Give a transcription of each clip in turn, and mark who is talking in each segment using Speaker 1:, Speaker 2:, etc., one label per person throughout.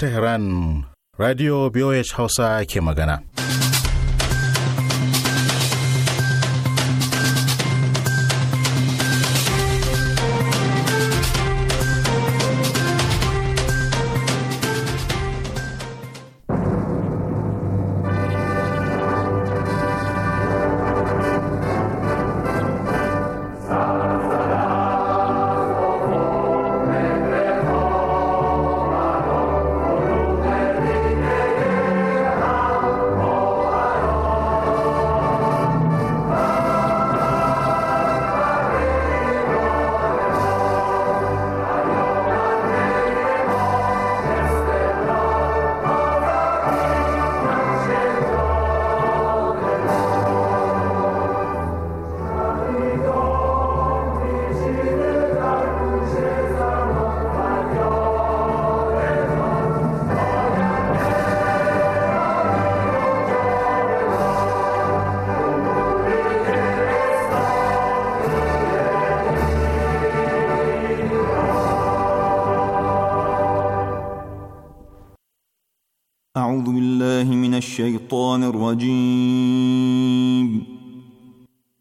Speaker 1: Tehran, Radio BOH Hausa ke magana.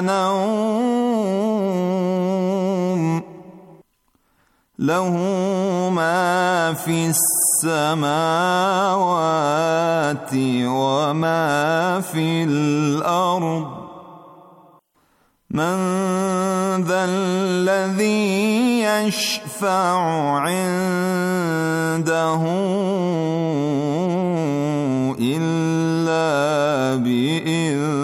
Speaker 2: نوم له ما في السماوات وما في الأرض من ذا الذي يشفع عنده إلا بإذنه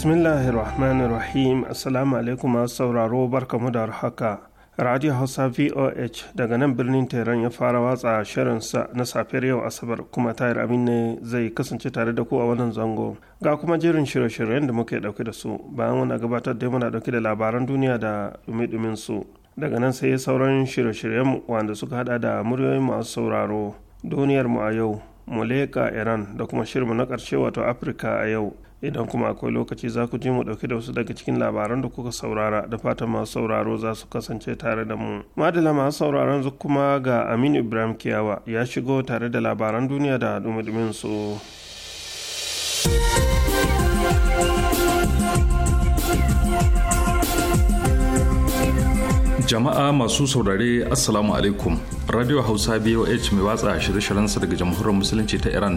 Speaker 3: bismillahirrahmanirrahim assalamu alaikum masu sauraro barka barkamu da haka radio hausa voh daga nan birnin tehran ya fara watsa shirinsa na safiyar yau asabar kuma tayar amin ne zai kasance tare da ku a wannan zango ga kuma jerin shirye-shiryen da muke dauke da su bayan wani gabatar da muna dauke da labaran duniya da dumi-dumin su daga nan sai sauran shirye-shiryen wanda suka hada da muryoyin masu sauraro duniyar mu a yau muleka iran da kuma mu na karshe wato afirka a yau idan kuma akwai lokaci za ku je mu ɗauki da wasu daga cikin labaran da kuka saurara da fatan masu sauraro za su kasance tare da mu madala masu sauraron kuma ga aminu ibrahim kiyawa ya shigo tare da labaran duniya da dumudumin su
Speaker 1: jama'a masu saurare assalamu alaikum radio hausa boh mai watsa shirye-shiryensa daga jamhuriyar musulunci ta iran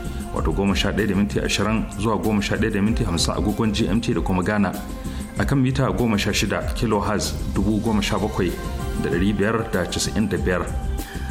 Speaker 1: wato goma sha ɗaya da minti ashirin zuwa goma sha ɗaya da minti hamsin agogon gmt da kuma ghana akan mita goma sha shida kilohertz dubu goma sha bakwai da ɗari biyar da casa'in da biyar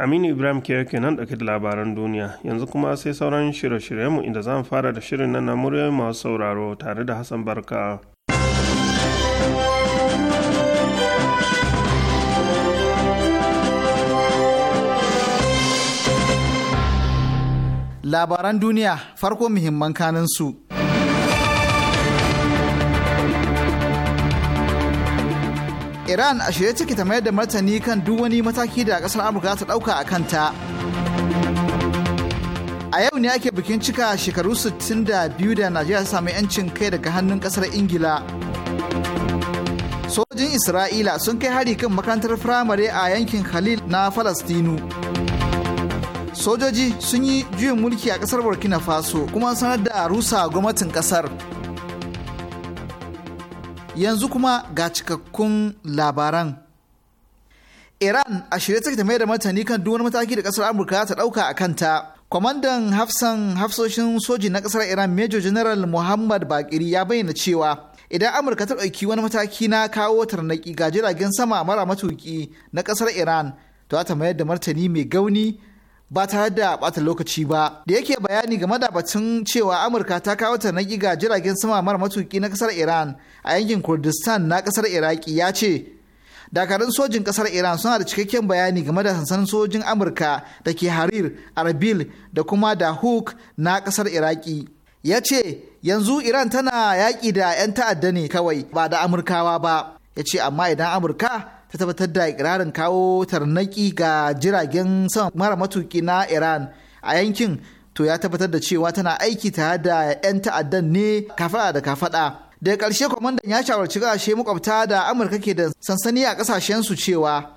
Speaker 3: Aminu Ibrahim ke yake nan ɗauke da labaran duniya yanzu kuma sai sauran shirye-shiryenmu inda zan fara da shirin nan na muryoyin masu sauraro tare da Hassan Barka.
Speaker 4: Labaran duniya farko muhimman kanansu. su. iran a shirye take ta mayar da martani kan duk wani mataki da kasar amurka ta dauka a kanta a yau ne ake bikin cika shekaru 62 da najeriya ta sami yancin kai daga hannun kasar ingila sojin isra'ila sun kai hari kan makarantar firamare a yankin khalil na falastinu sojoji sun yi juyin mulki a kasar burkina faso kuma sanar da rusa gwamnatin kasar yanzu kuma ga cikakkun labaran iran a shirye take ta mai da martani kan duk wani mataki da kasar amurka ta dauka a kanta kwamandan hafsan hafsoshin soji na kasar iran major general muhammad bakiri ya bayyana cewa idan amurka ta ɗauki wani mataki na kawo tarnaki ga jiragen sama mara matuki na kasar iran to ta mayar da martani mai gauni ba tare da bata lokaci ba da yake bayani game da batun cewa amurka ta kawo na ga jiragen sama mara matuki na kasar iran a yankin kurdistan na kasar iraki ya ce dakarun sojin kasar iran suna da cikakken bayani game da sansanin sojin amurka da ke harir arbil da kuma da huk na kasar iraki ya ce yanzu iran tana yaƙi da 'yan ta'adda ne kawai ba da amurkawa ba ya ce amma idan amurka ta tabbatar da ikirarin kawo tarnaki ga jiragen sama mara matuki na iran a yankin to ya tabbatar da cewa tana aiki tare da 'yan ta'addan ne kafada da kafada daga ƙarshe kwamandan ya shawarci ƙasashe makwabta da amurka ke da sansani a ƙasashensu cewa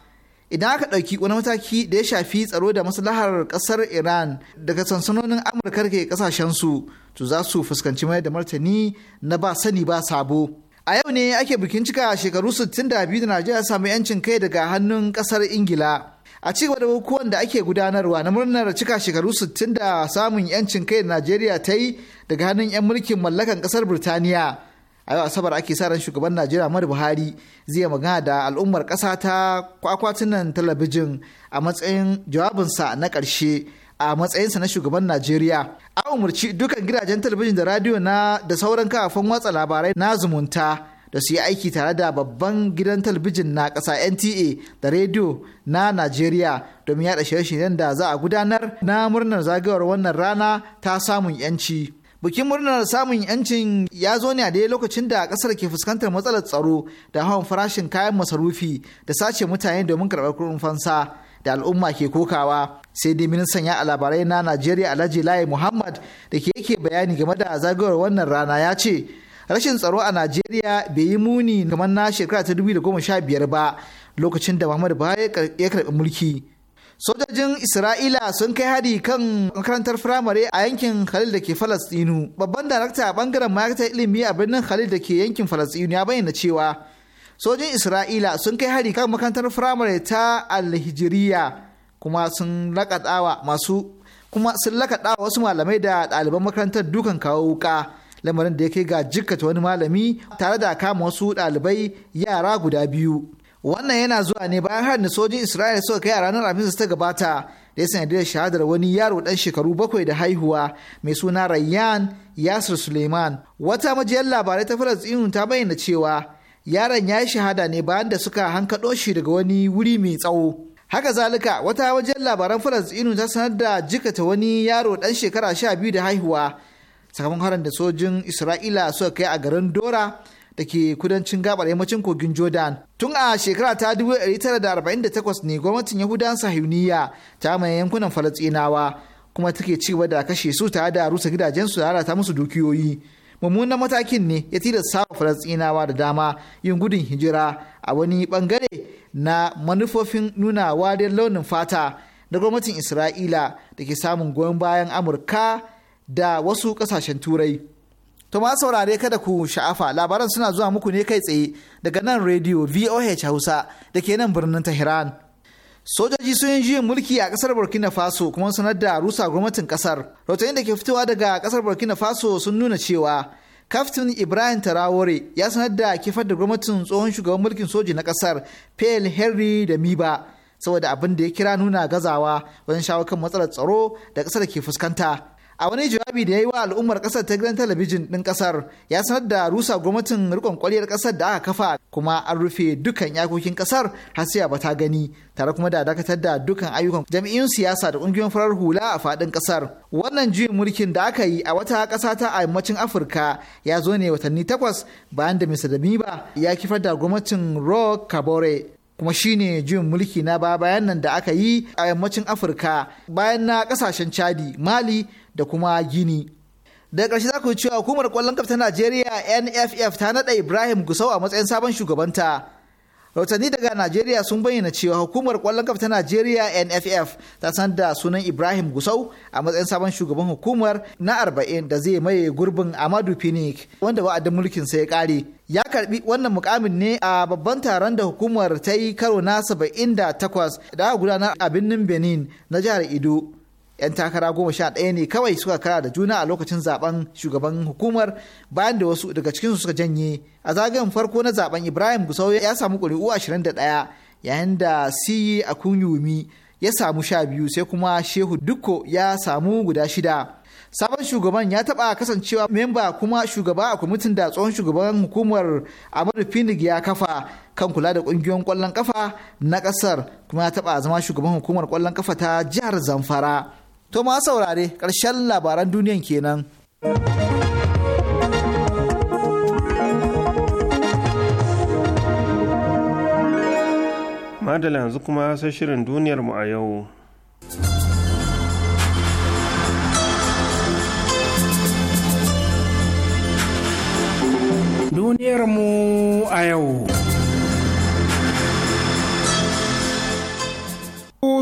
Speaker 4: idan aka ɗauki wani mataki da ya shafi tsaro da maslahar ƙasar iran daga sansanonin amurka ke ƙasashensu to za su fuskanci mai da martani na ba sani ba sabo a yau ne ake bikin cika shekaru 62 da najeriya samu yancin kai daga hannun kasar ingila a ci gaba da bukukuwan da ake gudanarwa na murnar cika shekaru 60 da samun yancin kai da najeriya ta yi daga hannun 'yan mulkin mallakan kasar birtaniya a yau asabar ake sa ran shugaban najeriya mara buhari zai magana da al'ummar ƙasa ta kwakwatunan talabijin a matsayin jawabinsa na ƙarshe a matsayinsa na shugaban Najeriya. An umarci dukkan gidajen talabijin da radiyo na da sauran kafafen watsa labarai na zumunta da su yi aiki tare da babban gidan talabijin na kasa NTA da rediyo na Najeriya domin yaɗa shirye-shiryen da za a gudanar na murnar zagayowar wannan rana ta samun 'yanci. Bikin murnar samun 'yancin ya zo ne a daya lokacin da ƙasar ke fuskantar matsalar tsaro da hawan farashin kayan masarufi da sace mutane domin karɓar kuɗin fansa. da al'umma ke kokawa sai dai ministan ya labarai na najeriya alhaji layi muhammad da ke yake bayani game da zagayowar wannan rana ya ce rashin tsaro a najeriya bai yi muni kamar na shekara ta dubu sha biyar ba lokacin da muhammadu buhari ya karbi mulki sojojin isra'ila sun kai hari kan makarantar firamare a yankin khalil da ke falastinu babban darakta a bangaren ma'aikatar ilimi a birnin khalil da ke yankin falastinu ya bayyana cewa sojin isra'ila sun kai hari kan makarantar firamare ta alhijiriya kuma sun lakadawa masu kuma sun wasu malamai da ɗaliban makarantar dukan kawo wuka lamarin da ya kai ga jikkata wani malami tare da kama wasu ɗalibai yara guda biyu wannan yana zuwa ne bayan harin da sojin isra'ila suka kai a ranar alhamis ta gabata da ya da shahadar wani yaro dan shekaru bakwai da haihuwa mai suna rayyan yasir suleiman wata majiyar labarai ta tsinun ta bayyana cewa yaron ya yi shahada ne bayan da suka hankaɗo shi daga wani wuri mai tsawo haka zalika wata wajen labaran falasɗinu ta sanar da jikata wani yaro ɗan shekara sha biyu da haihuwa sakamakon harin da sojin isra'ila suka kai a garin dora da ke kudancin gabar yammacin kogin jordan tun a shekara ta 1948 ne gwamnatin yahudan sahiyuniya ta mai yankunan falasɗinawa kuma take ci da kashe su tare da rusa gidajensu da harata musu dukiyoyi mummunan matakin ne ya tilasta wa falasɗinawa da dama yin gudun hijira a wani bangare na manufofin nuna wariyar launin fata da gwamnatin isra'ila da ke samun goyon bayan amurka da wasu ƙasashen turai to ma saurare kada ku sha'afa labaran suna zuwa muku ne kai tsaye daga nan rediyo voh hausa da ke nan birnin tehran sojoji sun yi mulki a kasar burkina faso kuma sanar da rusa gwamnatin kasar rahotanni da ke fitowa daga kasar burkina faso sun nuna cewa kaftin ibrahim tarawore ya sanar da kifar da gwamnatin tsohon shugaban mulkin soji na kasar pel henry da miba saboda abin da ya kira nuna gazawa wajen shawo kan matsalar tsaro da kasar ke fuskanta a wani jawabi da ya yi wa al'ummar kasar ta gidan talabijin ɗin kasar ya sanar da rusa gwamnatin rikon kwaliyar kasar da aka kafa kuma an rufe dukkan yakokin kasar har sai ba ta gani tare kuma da dakatar da dukkan ayyukan jami'in siyasa da kungiyoyin farar hula a faɗin kasar wannan juyin mulkin da aka yi a wata ƙasa ta yammacin afirka ya zo ne watanni takwas bayan da mr damiba ya kifar da gwamnatin rock kabore kuma shine juyin mulki na ba bayan nan da aka yi a yammacin afirka bayan na ƙasashen chadi mali da kuma Gini. Daga ƙarshe za ku cewa hukumar ƙwallon kafa ta Najeriya NFF ta naɗa Ibrahim Gusau a matsayin sabon shugabanta. Rautani daga Najeriya sun bayyana cewa hukumar ƙwallon kafa ta Najeriya NFF ta san da sunan Ibrahim Gusau a matsayin sabon shugaban hukumar na arba'in da zai maye gurbin Amadu Finik wanda wa'adin mulkin sa ya ƙare. Ya karbi wannan mukamin ne a babban taron da hukumar ta yi karo na saba'in da takwas da gudanar a birnin Benin na jihar Ido. 'yan takara goma sha ɗaya ne kawai suka kara da juna a lokacin zaben shugaban hukumar bayan da wasu daga cikinsu suka janye a zagayen farko na zaben ibrahim gusau ya samu ƙuri'u ashirin da ɗaya yayin da siyi a kunyumi ya samu sha biyu sai kuma shehu dukko ya samu guda shida sabon shugaban ya taɓa kasancewa memba kuma shugaba a kwamitin da tsohon shugaban hukumar amadu finig ya kafa kan kula da ƙungiyoyin ƙwallon kafa na ƙasar kuma ya taɓa zama shugaban hukumar ƙwallon kafa ta jihar zamfara To ma saurare ƙarshen labaran duniyan kenan.
Speaker 3: Madala yanzu kuma sai shirin duniyar mu a yau.
Speaker 5: Duniyar mu a yau.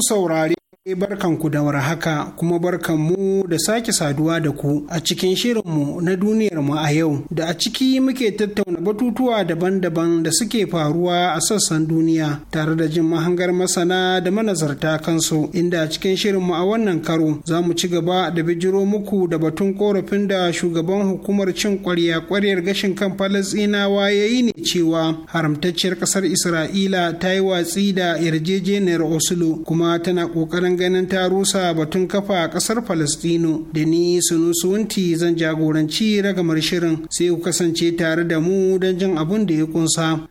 Speaker 6: saurare Eh, barkanku da warhaka kuma barkanmu da sake saduwa da ku a cikin shirinmu na duniyarmu a yau da a ciki muke tattauna batutuwa daban-daban da suke faruwa a sassan duniya tare da jin mahangar masana da manazarta kansu inda a cikin shirinmu a wannan karo za mu ci gaba da bijiro muku da batun korafin da shugaban hukumar cin kwarya kwaryar gashin kan falasɗinawa ya yi ne cewa haramtacciyar ƙasar isra'ila ta yi watsi da yarjejeniyar oslo kuma tana ƙoƙarin don ganin ta rusa batun kafa a kasar Falastino da ni sunusunti zan jagoranci ragamar shirin sai ku kasance tare da mu don jin abin da ya kunsa.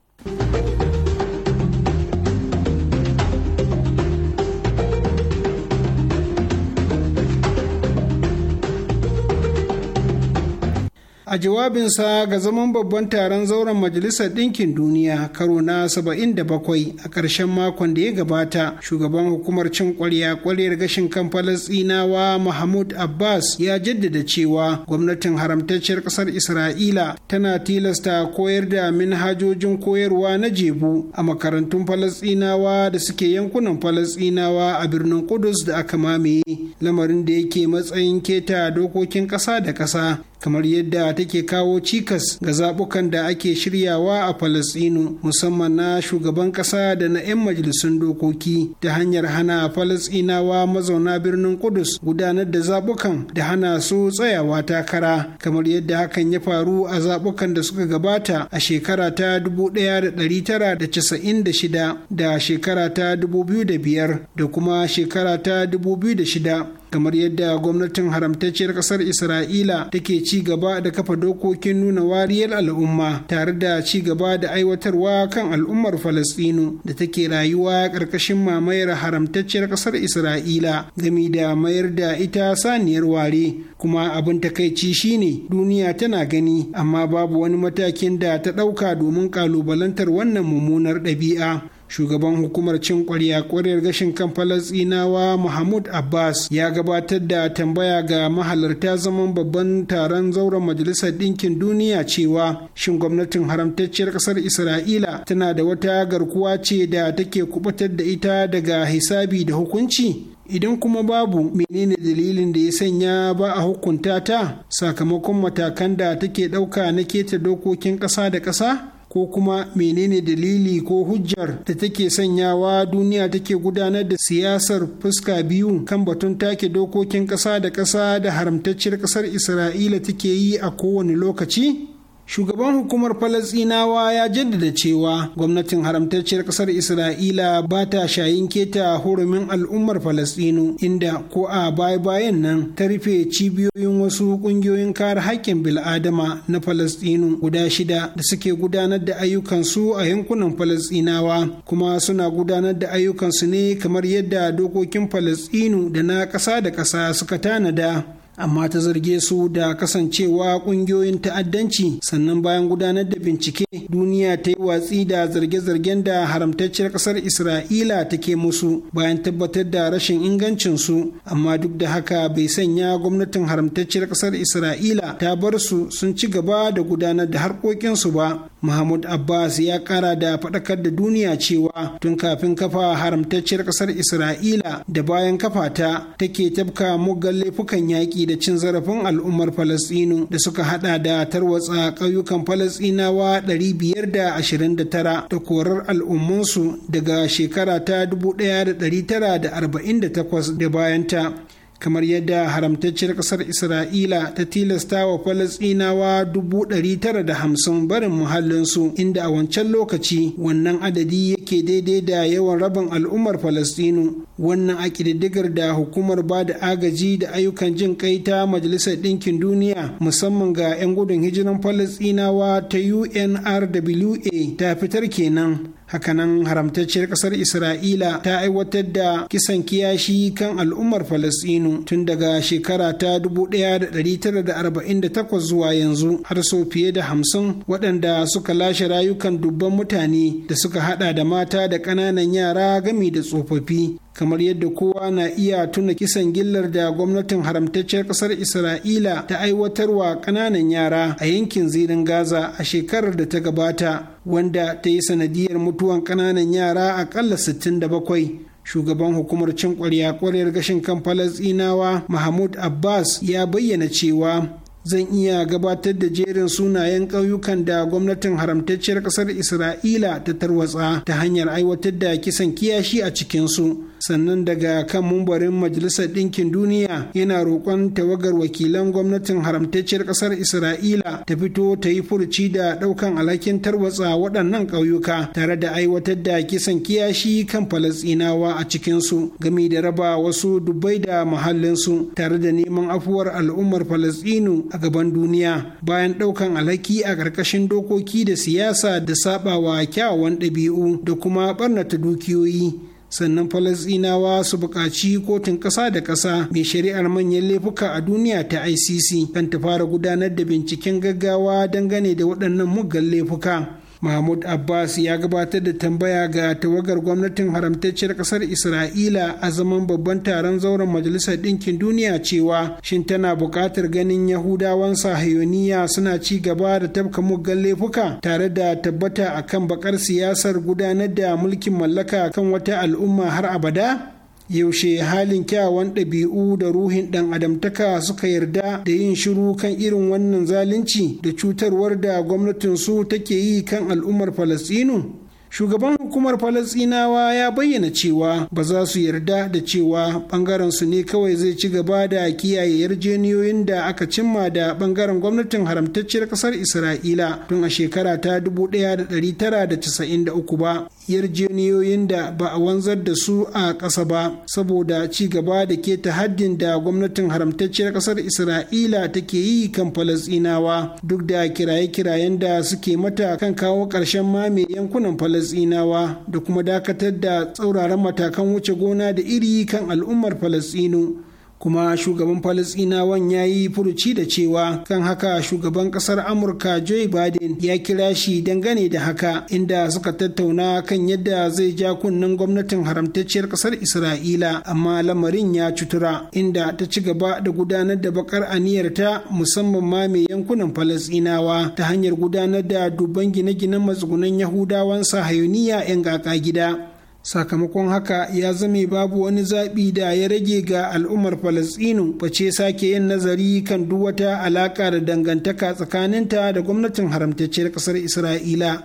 Speaker 6: a jawabinsa ga zaman babban taron zauren majalisar ɗinkin duniya karo na 77 a ƙarshen makon da ya gabata shugaban hukumar cin ƙwarya ƙwaryar gashin kan falasɗinawa mahmud abbas ya jaddada cewa gwamnatin haramtacciyar ƙasar isra'ila tana tilasta koyar da minhajojin koyarwa na jebu a makarantun falasɗinawa da suke yankunan falasɗinawa a birnin kudus da aka mamaye lamarin da yake matsayin keta dokokin ƙasa da ƙasa kamar yadda take kawo cikas ga zaɓukan da ake shiryawa a falasɗinu musamman na shugaban ƙasa da na 'yan majalisun dokoki ta hanyar hana falasɗinawa mazauna birnin kudus gudanar da zaɓukan da hana su tsayawa takara kamar yadda hakan ya faru a zaɓukan da suka gabata a shekara ta 1996 da shekara ta 2005 da kuma shekara ta 2006 kamar yadda gwamnatin haramtacciyar kasar isra'ila take ci gaba da kafa dokokin nuna wariyar al'umma tare da ci gaba da aiwatarwa kan al'ummar falastinu da take rayuwa ƙarƙashin mamayar haramtacciyar kasar isra'ila gami da mayar da ita saniyar ware kuma abin takaici shine duniya tana gani amma babu wani matakin da ta ɗauka domin ƙalubalantar wannan mummunar ɗabi'a shugaban hukumar cin kwarya kwaryar gashin kan falasinawa mahmud abbas ya gabatar da tambaya ga mahalarta zaman babban taron zauren majalisar ɗinkin duniya cewa shin gwamnatin haramtacciyar ƙasar isra'ila tana da wata garkuwa ce da take kubatar da ita daga hisabi da hukunci idan kuma babu menene dalilin da ya sanya ba a hukunta ta sakamakon matakan da take ɗauka na keta dokokin ƙasa da ƙasa ko kuma menene dalili ko hujjar da take sanyawa duniya take gudanar da siyasar fuska biyu kan batun take dokokin ƙasa da ƙasa da haramtacciyar ƙasar isra'ila take yi a kowane lokaci shugaban hukumar falasinawa ya jaddada cewa gwamnatin haramtacciyar kasar isra'ila ba ta shayin keta hurumin al'ummar falasinu inda ko a baya-bayan nan ta rufe cibiyoyin wasu kungiyoyin kare haƙƙin bil'adama na falasinu guda shida da suke gudanar da ayyukansu a yankunan falasinawa kuma suna gudanar da ayyukansu ne kamar yadda dokokin falasinu da na ƙasa da ƙasa suka tanada amma ta zarge su da kasancewa ƙungiyoyin ta'addanci sannan bayan gudanar da bincike duniya ta yi watsi da zarge-zargen da haramtacciyar kasar isra'ila take musu bayan tabbatar da rashin ingancinsu amma duk da haka bai sanya gwamnatin haramtacciyar kasar isra'ila ta bar su sun ci gaba da gudanar da harkokinsu ba Mahmud Abbas ya kara da faɗakar da duniya cewa tun kafin kafa haramtacciyar ƙasar Isra'ila da bayan kafa ta take tabka muggan laifukan yaƙi da cin zarafin al'ummar Falasɗinu da suka haɗa da tarwatsa ƙauyukan Falasɗinawa 529 da korar al'ummansu daga shekara ta 1948 da bayanta kamar yadda haramtacciyar ƙasar isra'ila ta tilasta wa falasinawa dubu ɗari tara da hamsin barin muhallinsu inda a wancan lokaci wannan adadi yake daidai da yawan rabin al'ummar falastinu wannan a ƙididdigar da hukumar ba da agaji da ayyukan jin kai ta majalisar ɗinkin duniya musamman ga 'yan gudun hijiran falasinawa ta unrwa ta fitar kenan hakanan haramtacciyar kasar isra'ila ta aiwatar da kisan kiyashi kan al'ummar falasinu tun daga shekara ta 1948 zuwa yanzu har sau fiye da hamsin waɗanda suka lashe rayukan dubban mutane da suka hada da mata da ƙananan yara gami da tsofaffi kamar yadda kowa na iya tuna kisan gillar da gwamnatin haramtacciyar ƙasar isra'ila ta aiwatarwa ƙananan yara a yankin zirin gaza a shekarar da ta gabata wanda ta yi sanadiyar mutuwan ƙananan yara aƙalla 67 shugaban hukumar cin kwarya kwaryar gashin kan falasinawa mahmud abbas ya bayyana cewa zan iya gabatar da jerin sunayen ƙauyukan da gwamnatin haramtacciyar ƙasar isra'ila ta tarwatsa ta hanyar aiwatar da kisan kiyashi a cikinsu sannan daga kan mumbarin majalisar ɗinkin duniya yana roƙon tawagar wakilan gwamnatin haramtacciyar ƙasar isra'ila ta fito ta yi furuci da ɗaukan alhakin tarwatsa waɗannan ƙauyuka tare da aiwatar da kisan kiyashi kan falasɗinawa a cikinsu gami da raba wasu dubai da muhallinsu tare da neman afuwar al'ummar falasɗinu a gaban duniya bayan ɗaukan alhaki a ƙarƙashin dokoki da siyasa da saɓawa kyawawan ɗabi'u da kuma ɓarnata dukiyoyi sannan falasinawa su buƙaci kotun ƙasa da ƙasa mai shari'ar manyan laifuka a duniya ta icc kan ta fara gudanar da binciken gaggawa dangane da waɗannan muggan laifuka mahmud abbas ya gabatar da tambaya ga tawagar gwamnatin haramtacciyar kasar isra'ila a zaman babban taron zauren majalisar ɗinkin duniya cewa shin tana buƙatar ganin yahudawan sahayoniya suna ci gaba da tafka muggan laifuka tare da tabbata akan bakar siyasar gudanar da mulkin mallaka kan wata al'umma har abada yaushe halin kyawan ɗabi'u da ruhin ɗan adamtaka suka yarda da yin shiru kan irin wannan zalunci da cutarwar da gwamnatinsu take yi kan al'ummar Falasinu? shugaban hukumar falasinawa ya bayyana cewa ba za su yarda da cewa bangaren su ne kawai zai ci gaba da kiyaye yarjeniyoyin da aka cimma da bangaren gwamnatin haramtacciyar kasar isra'ila tun a shekara ta 1993 ba yarjeniyoyin da ba a wanzar da su a ƙasa ba saboda ci gaba da ke ta haddin da gwamnatin haramtacciyar kasar isra'ila take yi kan falasinawa duk da kiraye-kirayen da suke mata kan kawo ƙarshen mame yankunan falasinawa falasinawa da kuma dakatar da tsauraran matakan wuce gona da iri kan al'ummar falasinu kuma shugaban falasɗinawan ya yi furuci da cewa kan haka shugaban ƙasar amurka joe biden ya kira shi dangane da haka inda suka tattauna kan yadda zai ja kunnen gwamnatin haramtacciyar ƙasar isra'ila amma lamarin ya cutura inda ta ci gaba da gudanar da bakar aniyarta musamman ma mai yankunan falasɗinawa ta hanyar gudanar da dubban gine-ginen matsugunan yahudawan sahayuniya 'yan gaka gida sakamakon haka ya zame babu wani zaɓi da ya rage ga al'ummar falasɗinu bace sake yin nazari kan duk wata alaƙa da dangantaka tsakaninta da gwamnatin haramtacciyar ƙasar isra'ila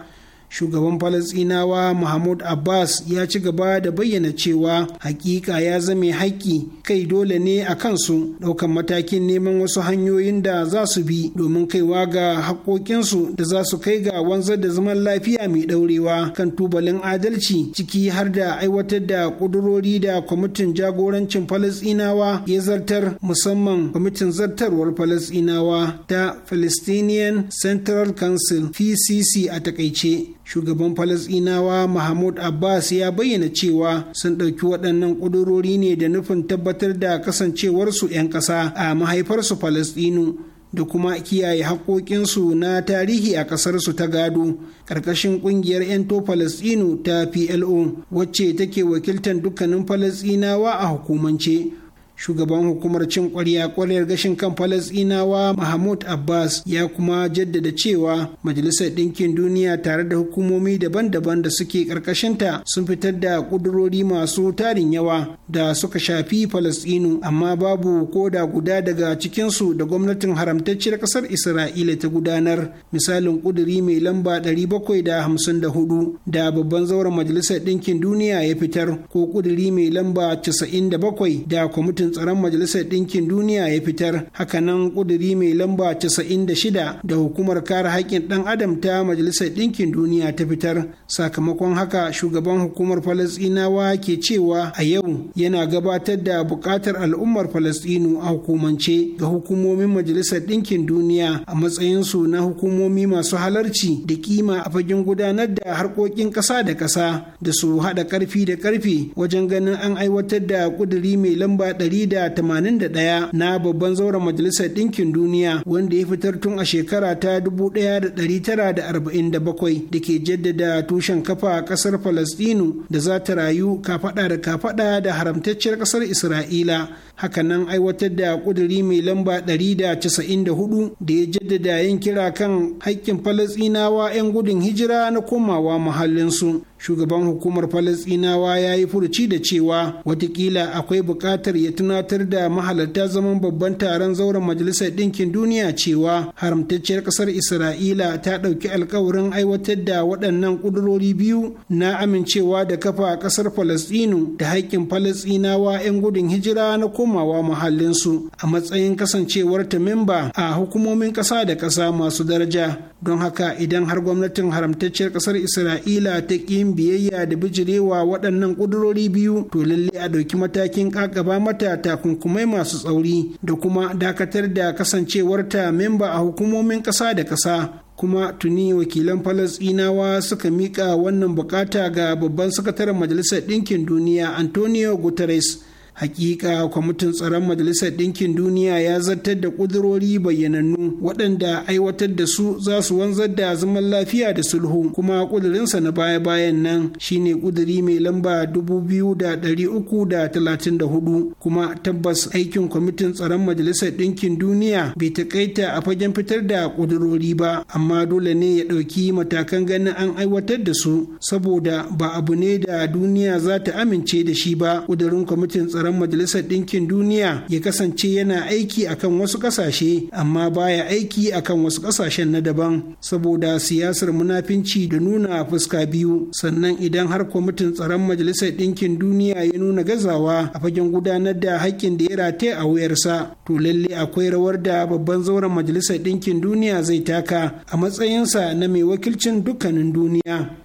Speaker 6: shugaban falasinawa mahmud abbas ya ci gaba da bayyana cewa hakika ya zame haƙƙi kai dole ne a kansu ɗaukan matakin neman wasu hanyoyin da za su bi domin kaiwa ga haƙoƙinsu da za su kai ga wanzar da zaman lafiya mai ɗaurewa kan tubalin adalci ciki har da aiwatar da ƙudurori da kwamitin jagorancin falasinawa ya zartar musamman kwamitin zartarwar falasinawa ta palestinian central council pcc a takaice shugaban falasinawa mahmud abbas ya bayyana cewa sun ɗauki waɗannan ƙudurori ne da nufin tabbatar da kasancewarsu 'yan ƙasa a mahaifarsu falasɗinu da kuma kiyaye haƙoƙinsu na tarihi a ƙasarsu ta gado ƙarƙashin ƙungiyar 'yanto Falasinu ta plo wacce take wakiltar dukkanin falasɗinawa a hukumance shugaban hukumar cin kwarya kwaryar gashin kan falasinawa mahmud abbas ya kuma jaddada cewa majalisar ɗinkin duniya tare da hukumomi daban-daban da suke ƙarƙashinta sun fitar da ƙudurori masu tarin yawa da suka shafi falasinu amma babu ko da guda daga cikinsu da gwamnatin haramtacciyar ƙasar isra'ila ta gudanar misalin ƙuduri mai lamba 754 da babban zauren majalisar ɗinkin duniya ya fitar ko ƙuduri mai lamba 97 da kwamitin kwamitin tsaron majalisar ɗinkin duniya ya fitar hakanan ƙuduri mai lamba 96 da hukumar kare haƙƙin ɗan adam ta majalisar ɗinkin duniya ta fitar sakamakon haka shugaban hukumar falasɗinawa ke cewa a yau yana gabatar da buƙatar al'ummar falasɗinu a hukumance ga hukumomin majalisar ɗinkin duniya a matsayinsu na hukumomi masu halarci da kima a fagen gudanar da harkokin ƙasa da ƙasa da su haɗa ƙarfi da ƙarfi wajen ganin an aiwatar da ƙuduri mai lamba ɗari. 181 na babban zauren majalisar ɗinkin duniya wanda ya fitar tun a shekara ta 1947 da ke jaddada tushen kafa a ƙasar Falasɗinu da za ta rayu kafaɗa da kafaɗa da haramtacciyar ƙasar Isra'ila. Hakanan aiwatar da ƙuduri mai lamba 194 da ya jaddada yin kira kan haƙƙin Falasɗinawa 'yan gudun hijira na komawa muhallinsu. shugaban hukumar falasinawa ya yi furuci da cewa watakila akwai buƙatar ya tunatar da mahalarta zaman babban taron zauren majalisar ɗinkin duniya cewa haramtacciyar ƙasar isra'ila ta ɗauki alkawarin aiwatar da waɗannan ƙudurori biyu na amincewa da kafa ƙasar falasɗinu da haƙƙin falasɗinawa 'yan gudun hijira na komawa muhallinsu a matsayin kasancewar ta memba a hukumomin ƙasa da ƙasa masu daraja don haka idan har gwamnatin haramtacciyar ƙasar isra'ila ta ƙi yin biyayya da bijirewa waɗannan ƙudurori biyu to lalle a ɗauki matakin ƙaƙaba mata takunkumai masu tsauri da kuma dakatar da kasancewarta memba a hukumomin ƙasa da ƙasa kuma tuni wakilan falasɗinawa suka miƙa wannan bukata ga babban sakataren majalisar ɗinkin duniya antonio guterres hakika kwamitin tsaron majalisar ɗinkin duniya ya zartar da ƙudurori bayyanannu waɗanda aiwatar da su za su wanzar da zaman lafiya da sulhu kuma ƙudurinsa na baya-bayan nan shine ƙuduri mai lamba dubu biyu da da da uku talatin hudu kuma tabbas aikin kwamitin tsaron majalisar ɗinkin duniya bai taƙaita a fagen fitar da ƙudurori ba amma dole ne ya ɗauki matakan ganin an aiwatar da su saboda ba abu ne da duniya za ta amince da shi ba ƙudurin kwamitin tsaron tsaron majalisar ɗinkin duniya ya kasance yana aiki akan wasu ƙasashe amma baya aiki akan wasu ƙasashen na daban saboda siyasar munafinci da nuna fuska biyu sannan idan har kwamitin tsaron majalisar ɗinkin duniya ya nuna gazawa a fagen gudanar da haƙƙin da ya rataya a wuyarsa to lalle akwai rawar da babban zauren majalisar ɗinkin duniya zai taka a matsayinsa na mai wakilcin dukkanin duniya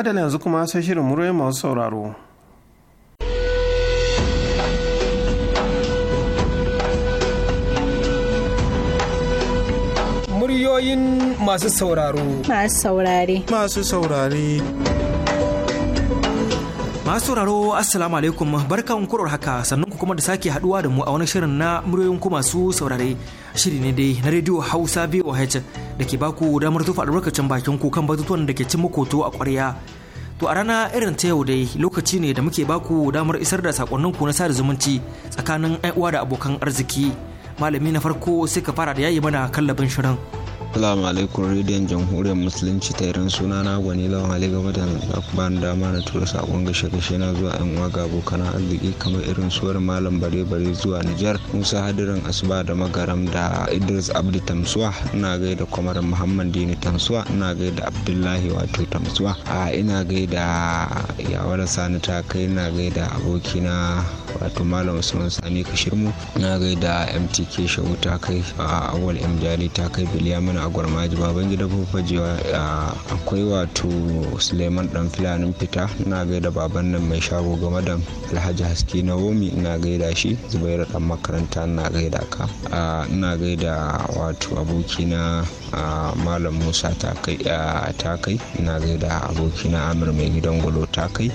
Speaker 3: madala yanzu kuma sai shirin muryoyin masu sauraro
Speaker 5: muryoyin
Speaker 6: masu sauraro
Speaker 2: masu saurare masu saurare
Speaker 7: masu sauraro assalamu alaikum barkan kurar haka sannan ku kuma da sake haduwa da mu a wani shirin na muryoyin ku masu saurare shiri ne dai na rediyo hausa voh da ke baku damar tufa albarkacin bakin ku kan batutuwan da ke cin makoto a kwarya To a rana irin ta yau dai lokaci ne da muke baku damar isar da sakonnin ku na sada zumunci tsakanin uwa da abokan arziki. Malami na farko sai ka fara da yayi mana kallabin shirin.
Speaker 5: Assalamu alaikum rediyon jamhuriyar musulunci ta irin suna na gwani lawan hali game da bani dama na tura sakon gashe gashe na zuwa yan uwa ga abokan arziki kamar irin suwar malam bare bare zuwa Nijar Musa Hadirin Asuba da Magaram da Idris Abdi Tamsuwa ina da kwamarin Muhammad Dini Tamsuwa ina da Abdullahi wato Tamsuwa a ina da yawar Sani ta kai ina da abokina wato malam Usman Sani Kashirmu ina da MTK Shehu ta kai a awal M ta kai Biliyamina a gwarmaji baban gida fajewa akwai wato suleiman dan filanin fita na gaida baban nan mai shago game da alhaji haske na womi na gaida shi zubairu dan makaranta ina gaida ka ina gaida wato abokina malam musa takai ina gaida abokina amir mai gidan ta kai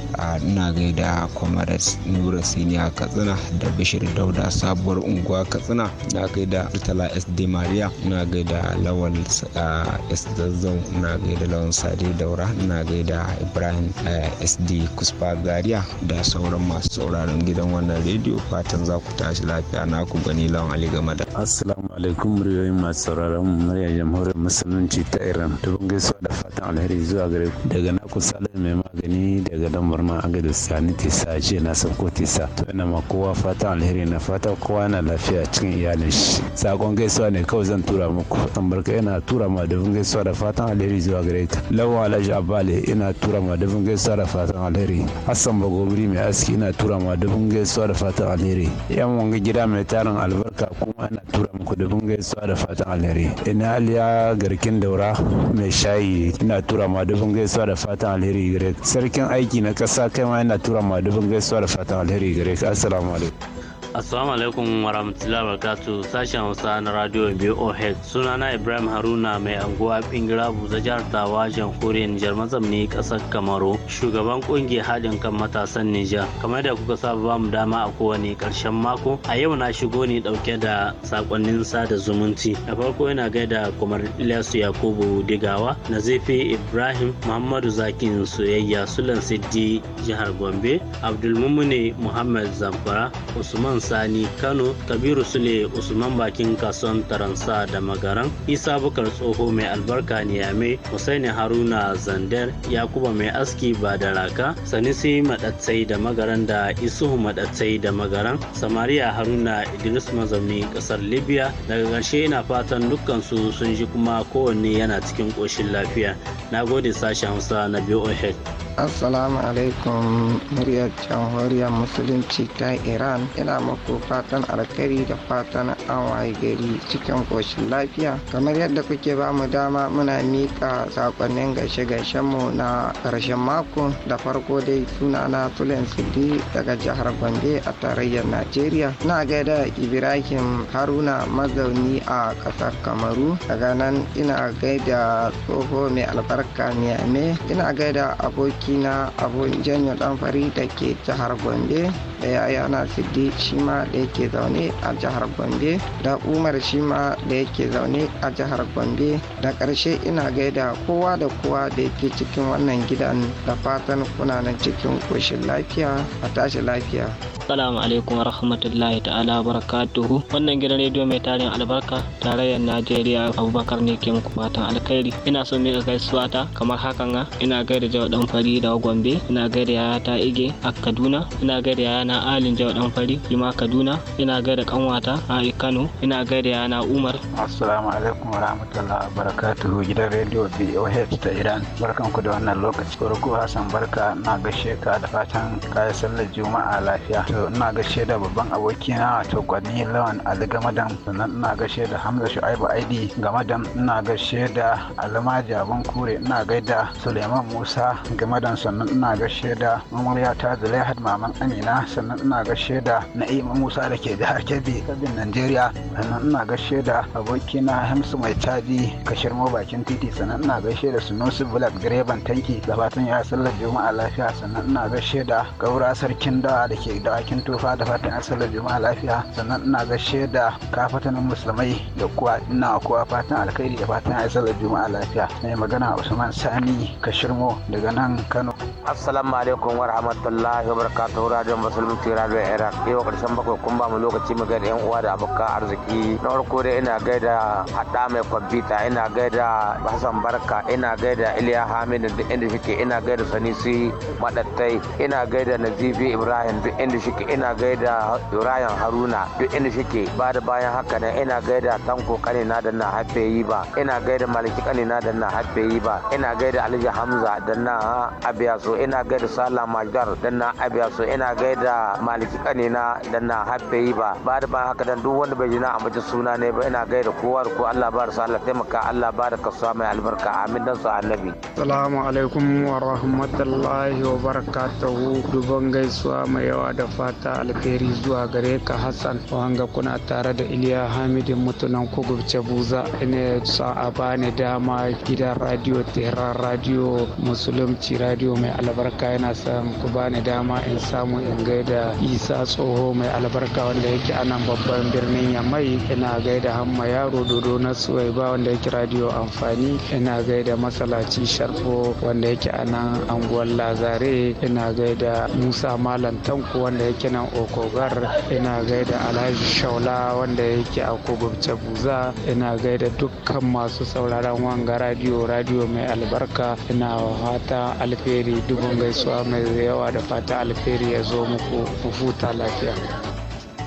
Speaker 5: ina gaida kwamaras nura siniya katsina da bishir dauda sabuwar unguwa katsina ina gaida tala sd maria ina gaida lawal Usman uh, S. Zazzau ina gaida Lawan Sade Daura ina gaida Ibrahim uh, SD Kuspa Gariya da sauran masu sauraron gidan wannan rediyo fatan za ku tashi lafiya na ku gani Lawan Ali game da. Assalamu alaikum muryoyin masu sauraron muryar jamhuriyar musulunci ta Iran. Dubin gaisuwa da fatan alheri zuwa gare ku daga na kusa mai magani daga lambar ma agadis sani tisa ce na sauko tisa to ina ma kowa fatan alheri na fata kowa na lafiya cikin iyalin shi sakon gaisuwa ne kawai zan tura muku tambarka ina tura ma dubin gaisuwa da fatan alheri zuwa gare ta lawa alhaji abale ina tura ma dubin gaisuwa da fatan alheri hassan bagobiri mai aski ina tura ma dubin gaisuwa da fatan alheri yan wanga gida mai tarin albarka kuma ina tura muku dubin gaisuwa da fatan alheri ina aliya garkin daura mai shayi ina tura ma dubin gaisuwa da fatan alheri gare ka sarkin aiki na kasa kai ma ina tura ma dubin gaisuwa da fatan alheri gare ka assalamu alaikum
Speaker 8: Assalamu alaikum wa barakatu sashen Hausa na radio BOH sunana Ibrahim Haruna mai anguwa pingira Buza jihar Tawa jamhuriyar Nijar mazamni kasar Kamaru shugaban kungiyar haɗin kan matasan Nijar kamar da kuka saba ba mu dama a kowane ƙarshen mako a yau na shigo ne ɗauke da sakonnin sada zumunci da farko yana gaida kumar Ilyasu Yakubu Digawa Nazifi Ibrahim Muhammadu Zakin Soyayya Sulan Siddi jihar Gombe Abdul Abdulmumune Muhammad Zamfara Usman Sani Kano, Kabiru Sule Usman Bakin Kason Taransa da Magaran, Isa Bukar Tsoho mai albarka mai Husaini Haruna Zander, Yakuba mai aski ba da raka, Sanisi Madatsai da Magaran da Isuhu Madatsai da Magaran, Samariya Haruna Idris mazauni kasar Libya. Daga ƙarshe ina fatan dukkan su sun ji kuma kowanne yana cikin ƙoshin lafiya. Na gode sashen Hausa na BOH.
Speaker 5: Assalamu alaikum muryar jamhuriyar musulunci ta Iran. Ina Ko fatan alkhairi da fatan an waye gari cikin koshin lafiya kamar yadda kuke ba mu dama muna miƙa sakonnin gaishe-gaishen mu na karshen mako da farko dai suna na tulen sidi daga jihar gombe a tarayyar najeriya na gaida ibrahim haruna mazauni a ƙasar kamaru daga nan ina gaida tsoho mai albarka niyame ina gaida abokina abun janyo fari da ke jihar gombe da yaya na sidi shi ma da yake zaune a jihar gombe da umar shi ma da yake zaune a jihar gombe da karshe ina gaida kowa da kowa da yake cikin wannan gidan da fatan kuna nan cikin koshin lafiya a tashi lafiya
Speaker 8: Assalamu alaikum rahmatullahi ta'ala barakatuhu wannan gidan rediyo mai tarin albarka tarayyar Najeriya Abubakar ne ke muku fatan alkhairi ina so mika gaisuwa ta kamar hakan ga ina gaida jawa dan fari da Gombe ina gaida yaya ta Ige a Kaduna ina gaida yaya na Alin jawa dan fari Kaduna ina gaida kanwata a Kano ina gaida yana Umar
Speaker 5: Assalamu alaikum wa rahmatullahi wa barakatuhu gidan rediyo BOH ta Iran barkan ku da wannan lokaci farko Hassan barka na gaishe ka da fatan kayan sallar juma'a lafiya to ina gaishe da babban abokina wato Kwani Lawan Ali Gamadan sannan ina gaishe da Hamza Shu'aibu Aidi Gamadan ina gaishe da Alma Jabon Kure ina gaida Suleiman Musa Gamadan sannan ina gaishe da Mamuriya ta Zulaihat Maman Amina sannan ina gaishe da Na'i Shatima Musa da ke jihar Kebbi, Kebbi Najeriya. Sannan ina gaishe da abokina Hamsu Mai Caji kashir bakin titi sannan ina gaishe da sunusu Black direban tanki da fatan ya sallar Juma'a lafiya sannan ina gaishe da Gaura Sarkin Dawa da ke dawakin tufa da fatan ya sallar Juma'a lafiya sannan ina gaishe da kafatanin musulmai da kuwa ina kuwa fatan alkhairi da fatan ya sallar Juma'a lafiya. Mai magana Usman Sani Kashirmo daga nan Kano. Assalamu alaikum wa rahmatullahi wa barakatuhu Radio Musulmi Radio Iraq. Yau san bakwai kun ba mu lokaci mu gaida yan uwa da abokan arziki na farko dai ina gaida hada mai kwabita ina gaida hassan barka ina gaida iliya hamidu duk inda shike ina gaida sanisi madattai ina gaida nazifi ibrahim duk inda shike ina gaida ibrahim haruna duk inda shike ba da bayan haka ne, ina gaida tanko kanina da na haife yi ba ina gaida maliki kanina da na haife yi ba ina gaida alhaji hamza da na abiyaso ina gaida sala majdar da na abiyaso ina gaida maliki kanina dan na habbe yi ba ba da ba haka dan duk wanda bai ji na amince suna ne ba ina gaida kowa da ko Allah ba da Allah taimaka Allah ba da kasuwa mai albarka amin dan su annabi assalamu alaikum wa rahmatullahi wa barakatuhu duban gaisuwa mai yawa da fata alheri zuwa gare ka Hassan wanga kuna tare da Iliya Hamidin mutunan kugubce buza ina sa a bani dama gidan radio Tehran radio musulunci radio mai albarka yana son ku bani dama in samu in gaida Isa tsoho mai mai albarka wanda yake anan babban birnin yamai ina gaida hamma yaro dodo na suwaiba wanda yake radio amfani ina gaida masalaci sharfo wanda yake anan anguwar lazare ina gaida musa malam tanko wanda yake nan okogar ina gaida alhaji shaula wanda yake a kogobce buza ina gaida dukkan masu sauraron wanga radio radio mai albarka ina fata alferi dubin gaisuwa mai yawa da fata alferi ya zo muku ku huta lafiya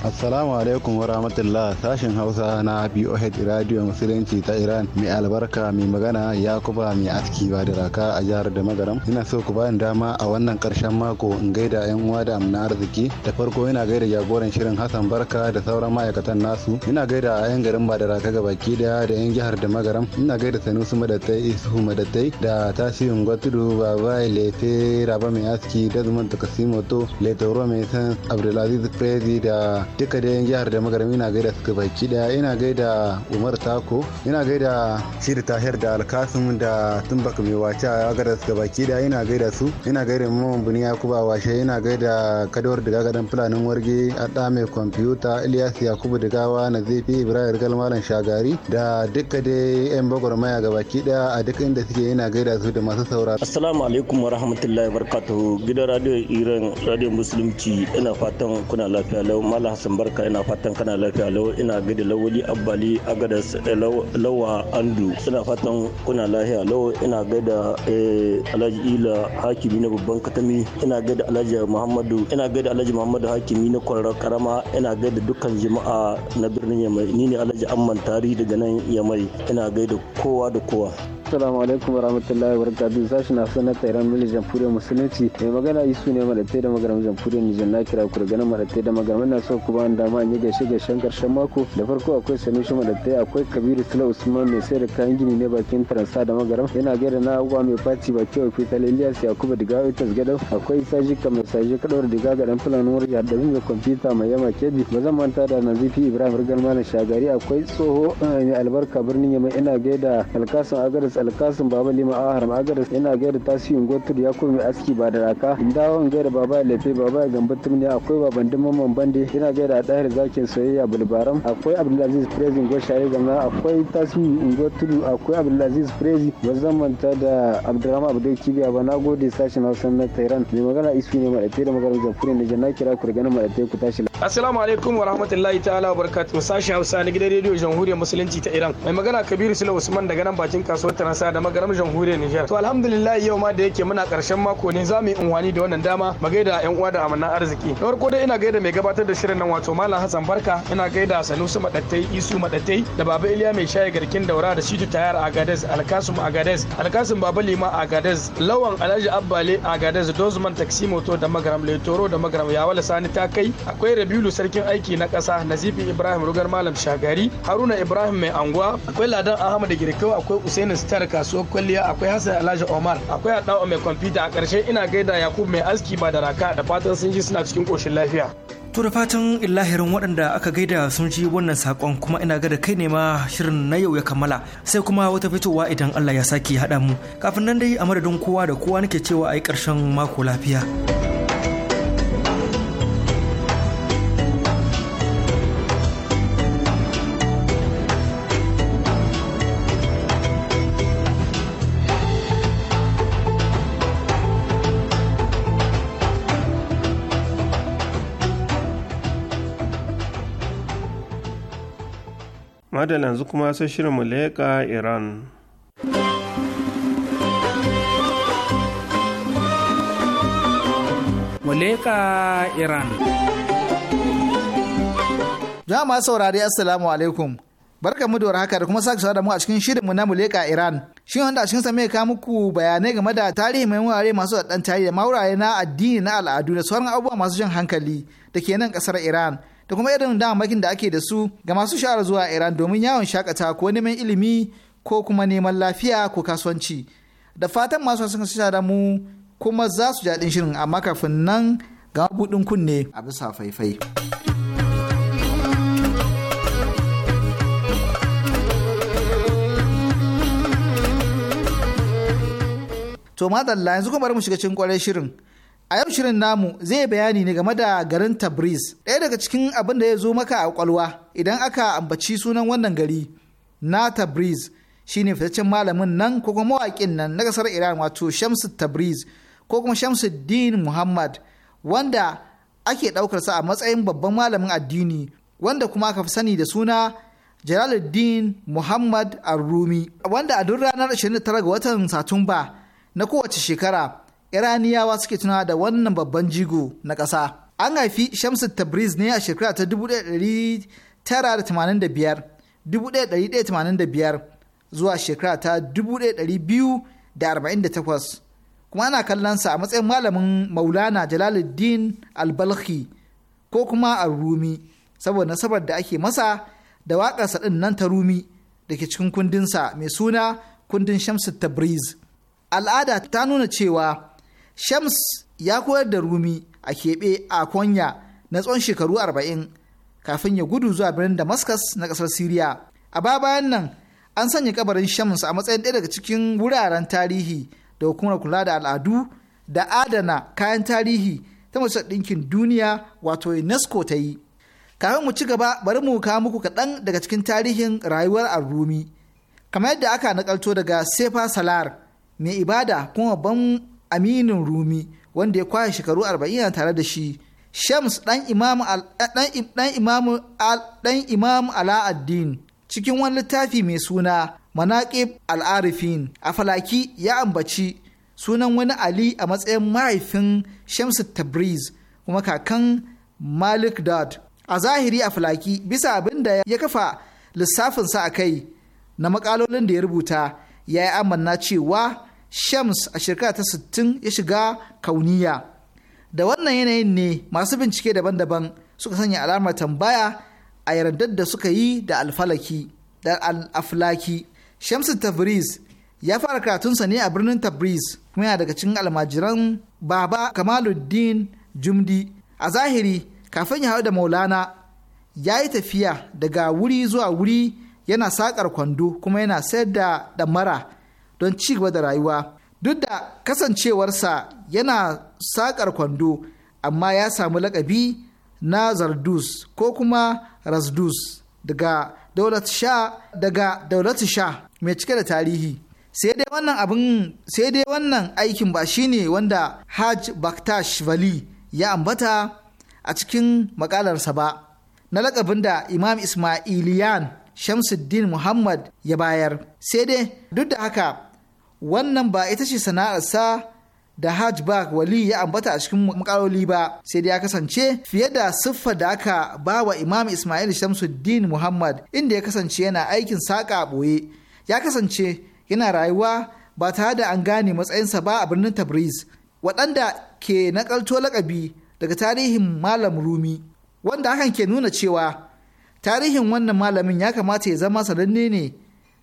Speaker 9: Assalamu alaikum wa rahmatullah sashen Hausa na BOH Radio Musulunci ta Iran mai albarka mai magana Yakuba mai aski ba da raka a jihar da magaram. Ina so ku bayan dama a wannan karshen mako in gaida yan uwa da amna arziki. Da farko ina gaida jagoran shirin Hassan Barka da sauran ma'aikatan nasu. Ina gaida a yan garin ba da raka gabaki daya da yan jihar da magaram. Ina gaida Sanusi Madattai Isuhu Madattai da Tasirin Gwatudu Baba Lefe Raba mai aski Desmond Takasimoto Letoro mai san Abdulaziz Prezi da duka da yan jihar da magarami ina gaida su baki daya ina gaida umar tako ina gaida shiri tahir da alkasim da tumbak mai wace a gada su baki daya ina gaida su ina gaida mamman buni yakuba washe ina gaida kadawar daga gadan fulanin warge adda mai kwamfuta ilyas yakubu na nazifi ibrahim malam shagari da duka dai yan ga gabaki daya a duk inda suke ina gaida su da masu saura.
Speaker 8: assalamu alaikum wa rahmatullahi wa barakatuhu gidan radio iran radio musulunci ina fatan kuna lafiya lau malam hassan barka ina fatan kana lafiya lau ina gada lawali abbali gada eh, lawa andu ina fatan kuna lafiya lau ina gada eh, alhaji ila hakimi na babban katami ina gada alhaji muhammadu ina gada alhaji muhammadu hakimi na kwarar karama ina gada dukkan jama'a na birnin yamai ni ne alhaji amman tari daga nan yamai ina gaida kowa da kowa assalamu alaikum wa wabarakatuh sashi na sanar ta iran mili jamhuriyar musulunci mai magana isu
Speaker 5: ne madatai da magaram jamhuriyar nijar na kira ku ganin tai da magaram na so ku ba dama in yi gaishe gaishen karshen mako da farko akwai mara tai akwai kabiru sula usman mai sayar da kayan gini ne bakin faransa da magaram yana gaida na abubuwa mai faci ba kewa fita liliyas yakubu diga wutas gadau akwai saji mai saji kadawar diga ga dan filan wuri da mai kwamfuta mai yama kebi ba zan manta da nazifi ibrahim rigar mana shagari akwai tsoho eh, mai albarka birnin yamma ina gaida alkasan agaris alkasin baba lima a haram agadas ina gaida tasirin gotur ya kuma aski ba da raka dawon gaida baba ya lefe baba ya gamba tumni akwai baban dimaman bande ina gaida a ɗahir zakin soyayya bulbaram akwai abdulaziz prezi goshaye ganga akwai tasirin ingotur akwai abdulaziz prezi ba manta da abdurrahman abdul kibiya ba na gode sashen hausa na tehran mai magana isu ne maɗafe da magarin jamfuri ne jana kira ku daga nan maɗafe ku tashi
Speaker 1: assalamu alaikum wa rahmatullahi ta'ala wa barakatuhu sashen hausa na gidan rediyo jamhuriyar musulunci ta iran mai magana kabiru sula usman daga nan bakin kasuwar faransa da magaram jamhuriyar nijar to alhamdulillah yau ma da yake muna karshen mako ne zamu yi unwani da wannan dama mu gaida yan uwa da amanan arziki da farko dai ina gaida mai gabatar da shirin nan wato malam hassan barka ina gaida Sanusu madattai isu madattai da baba iliya mai shaye garkin daura da shitu tayar agades alkasum agades alkasum baba lima agades lawan alhaji abbale agades dozman taxi moto da magaram letoro da magaram yawala sani ta kai akwai rabiulu sarkin aiki na kasa nazifi ibrahim rugar malam shagari haruna ibrahim mai anguwa akwai ladan ahmad girkau akwai usaini star abubakar kasuwar kwalliya akwai hassan alhaji omar akwai haɗawa mai kwamfuta a karshe ina gaida yakub mai aski ba da raka da fatan sun ji suna cikin koshin lafiya
Speaker 7: To da fatan illahirin waɗanda aka gaida sun ji wannan sakon kuma ina ga da kai ne ma shirin na yau ya kammala sai kuma wata fitowa idan Allah ya sake haɗa mu kafin nan dai a madadin kowa da kowa nake cewa a yi ƙarshen mako lafiya.
Speaker 3: madalla yanzu kuma sai shirin mu iran
Speaker 1: Muleka Iran.
Speaker 4: Jama'a saurari Assalamu alaikum. Barka mu da haka da kuma sake da mu a cikin shirinmu na Muleka Iran. Shin wanda a cikin sa ka muku bayanai game da tarihi mai wurare masu da tarihi da mauraye na addini na al'adu da sauran abubuwa masu jan hankali da ke nan kasar Iran. da kuma irin damakin da ake da su ga masu shahara zuwa Iran domin yawon shakata ko neman ilimi ko kuma neman lafiya ko kasuwanci. Da fatan masu sun kasance da mu kuma za su jaɗin shirin amma kafin nan ga buɗin kunne a bisa faifai. To madalla yanzu kuma bari mu shiga cikin kwarai shirin. A yau shirin namu zai bayani ne game da garin Tabriz, ɗaya daga cikin abin da ya zo maka a kwalwa, idan aka ambaci sunan wannan gari na Tabriz shine fitaccen malamin nan ko kuma mawaƙin nan na ƙasar Iran wato Shamsu Tabriz ko kuma Din Muhammad wanda ake ɗaukar sa a matsayin babban malamin addini wanda kuma aka fi sani da suna Jalaluddin Muhammad Ar-Rumi wanda a duk ranar 29 ga watan Satumba na kowace shekara iraniyawa suke tuna da wannan babban jigo na ƙasa an haifi shamsu tabriz ne a shekara ta 1985 biyar zuwa shekara ta takwas, kuma ana kallonsa a matsayin malamin maulana jalaluddin albalhi ko kuma a rumi saboda nasabar da ake masa da waƙarsa ɗin nan ta rumi da ke cikin kundinsa mai suna kundin shamsu tabriz al'ada ta nuna cewa Shams ya koyar da Rumi a keɓe a Konya na tsawon shekaru arba'in kafin ya gudu zuwa birnin Damascus na ƙasar Siriya. A ba bayan nan an sanya kabarin Shams a matsayin ɗaya daga cikin wuraren tarihi da hukumar kula da al'adu da adana kayan tarihi ta Majalisar Ɗinkin Duniya wato UNESCO ta yi. Kafin mu ci gaba bari mu kawo muku kaɗan daga cikin tarihin rayuwar Arrumi. Kamar yadda aka nakalto daga Sefa Salar mai ibada kuma babban aminin rumi wanda ya kwashe shekaru arba'in tare da shi shams dan imamu dan imamu ala'addin cikin wani littafi mai suna manaƙib al'arifin a falaki ya ambaci sunan wani ali a matsayin mahaifin shams tabriz kuma kakan malik dad a zahiri a falaki bisa abin da ya kafa lissafinsa a kai na makalolin da ya rubuta ya yi amanna cewa Shams a shekara ta 60 ya shiga kauniya. Da wannan yanayin ne masu bincike daban-daban suka sanya alamar tambaya a yardar da suka yi da alfalaki da al'aflaki. Shamsu Tabriz ya fara karatunsa ne a birnin Tabriz kuma yana daga cikin almajiran Baba Kamaluddin Jumdi. A zahiri kafin ya hau da Maulana ya yi tafiya daga wuri zuwa wuri yana saƙar kwando kuma yana sayar da ɗamara don ci gaba da rayuwa duk da kasancewarsa yana sakar kwando amma ya samu lakabi na zardus ko kuma rasdus daga daulat sha daga daulat sha mai cike da tarihi sai dai wannan abin sai dai wannan aikin ba shine wanda hajj baktash vali ya ambata a cikin makalarsa ba na lakabin da imam ismailiyan shamsuddin muhammad ya bayar sai dai duk da haka wannan ba ita ce sana'arsa da hajjbak wali ya ambata a cikin makaroli ba sai dai ya kasance fiye da siffa da aka ba wa imam ismail shamsuddin muhammad inda ya kasance yana aikin saƙa a ɓoye ya kasance yana rayuwa ba tare da an gane matsayinsa ba a birnin tabriz waɗanda ke naƙalto laƙabi daga tarihin malam rumi wanda hakan ke nuna cewa tarihin wannan malamin ya kamata ya zama sananne ne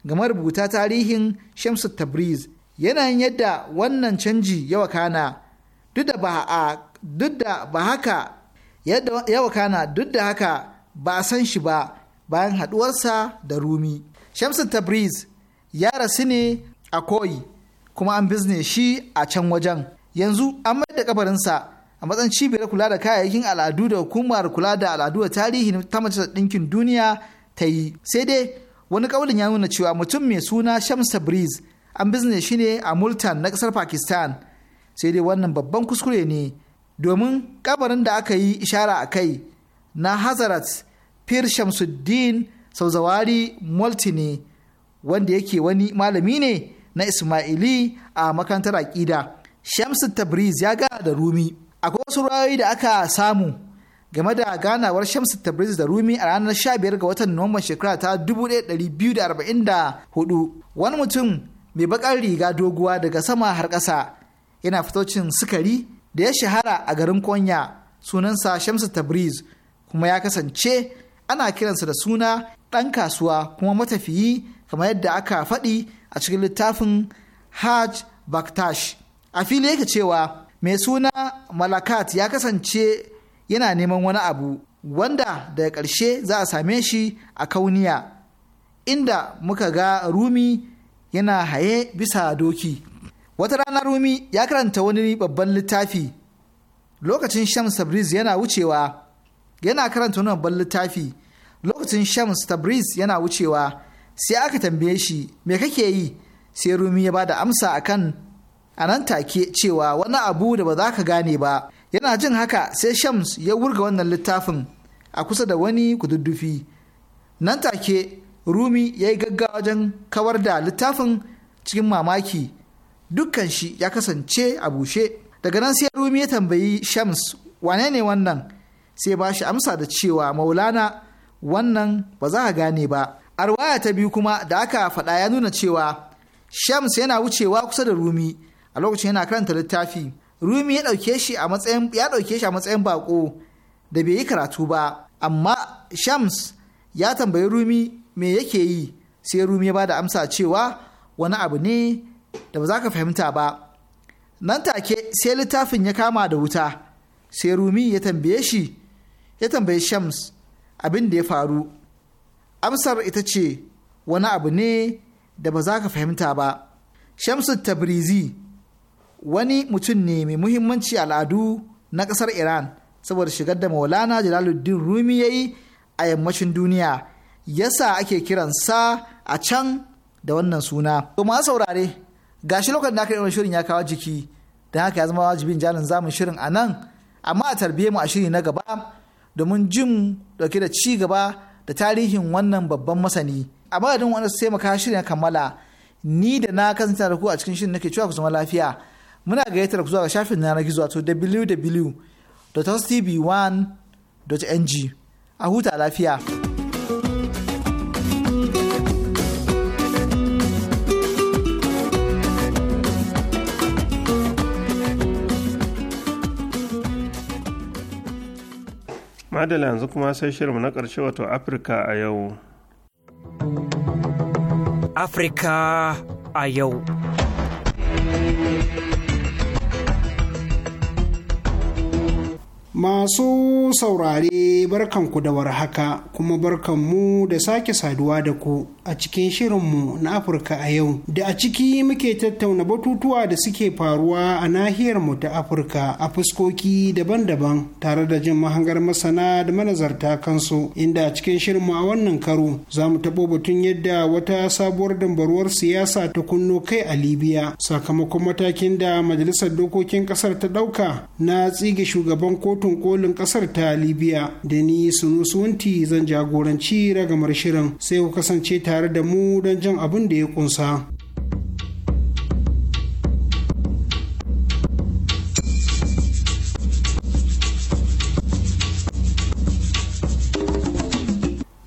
Speaker 4: ga marubuta tarihin Shamsu Tabriz yanayin yadda wannan canji ya wakana duk da ba a haka ya wakana duk da haka ba a san shi ba bayan haduwarsa da Rumi Shamsu Tabriz ya rasu ne a koyi kuma an bizne shi a can wajen yanzu an mai da kabarinsa a matsayin cibiyar kula da kayayyakin al'adu da hukumar kula da al'adu da tarihi ta majalisar ɗinkin duniya ta yi sai dai wani ƙaunin ya nuna cewa mutum mai suna shamsa breeze an bizne shi ne a multan na ƙasar pakistan sai dai wannan babban kuskure ne domin kabarin da aka yi ishara a kai na hazarat pir shamsuddin sauzawari multi ne wanda yake wani malami ne na ismaili a makantar aƙida shamsu tabriz ya gana da rumi akwai wasu rayoyi da aka samu game da ganawar Shamsu Tabriz da Rumi a ranar 15 ga watan Nuwamban shekara ta 1244. Wani mutum mai bakar riga doguwa daga sama har ƙasa yana fitocin sukari da ya shahara a garin Konya sunansa Shamsu Tabriz kuma ya kasance ana kiransa da suna ɗan kasuwa kuma matafiyi kamar yadda aka faɗi a cikin littafin Hajj Baktash. A fili yake cewa mai suna Malakat ya kasance yana neman wani abu wanda daga ƙarshe za a same shi a kauniya inda muka ga rumi yana haye bisa doki wata rana rumi ya karanta wani babban littafi lokacin shams tabriz yana wucewa yana karanta wani babban littafi lokacin shams tabriz yana wucewa sai aka tambaye shi me kake yi sai rumi ya ba da amsa akan a nan take cewa wani abu da ba za ka gane ba yana jin haka sai shams ya wurga wannan littafin a kusa da wani kududdufi nan take rumi ya yi gaggawa wajen kawar da littafin cikin mamaki dukkan shi ya kasance a bushe daga nan sai rumi ya tambayi shams wane ne wannan sai ba shi amsa da cewa maulana wannan ba za a gane ba arwaya ta biyu kuma da aka faɗa ya nuna cewa shams yana wucewa kusa da rumi a lokacin yana karanta littafi rumi ya ɗauke shi a matsayin ya ɗauke shi a matsayin bako da bai yi karatu ba amma shams ya tambayi rumi me yake yi sai rumi ya ba da amsa cewa wani abu ne da ba za ka fahimta ba nan take sai littafin ya kama da wuta sai rumi ya tambaye shi ya tambayi shams abin da ya faru amsar ita ce wani abu ne da ba za ka fahimta ba shamsu tabrizi wani mutum ne mai muhimmanci al'adu na ƙasar iran saboda shigar da maulana jalaluddin rumi ya yi a yammacin duniya yasa ake kiransa a can da wannan suna to ma saurare gashi lokacin da aka yi shirin ya kawo jiki da haka ya zama wajibin jalin zamun shirin a nan amma a tarbiyyar mu a shiri na gaba domin jin dauke da ci gaba da tarihin wannan babban masani a madadin wanda su taimaka shirin kammala ni da na kasance da ku a cikin shirin nake cewa ku zama lafiya muna gayyatar ku zuwa ga shafin na gizo wato www.tv1.ng a huta lafiya.
Speaker 3: madala yanzu kuma sai shirin na ƙarshe wato afirka a yau
Speaker 7: afirka a yau
Speaker 6: Masu saurare barkanku da haka kuma barkanmu da sake saduwa da ku a cikin shirinmu na Afirka a yau da a ciki muke tattauna batutuwa da suke faruwa a nahiyar mu ta Afirka a fuskoki daban-daban tare da jin mahangar masana da manazarta kansu inda a cikin shirinmu a wannan karo za mu taɓo batun yadda wata sabuwar dambaruwar siyasa ta kunno kai a Libya sakamakon matakin da majalisar dokokin ƙasar ta ɗauka na tsige shugaban kotu kotun kolin kasar ta libya da ni sunusunti zan jagoranci ragamar shirin sai ku kasance tare da mu don jan abin da ya kunsa.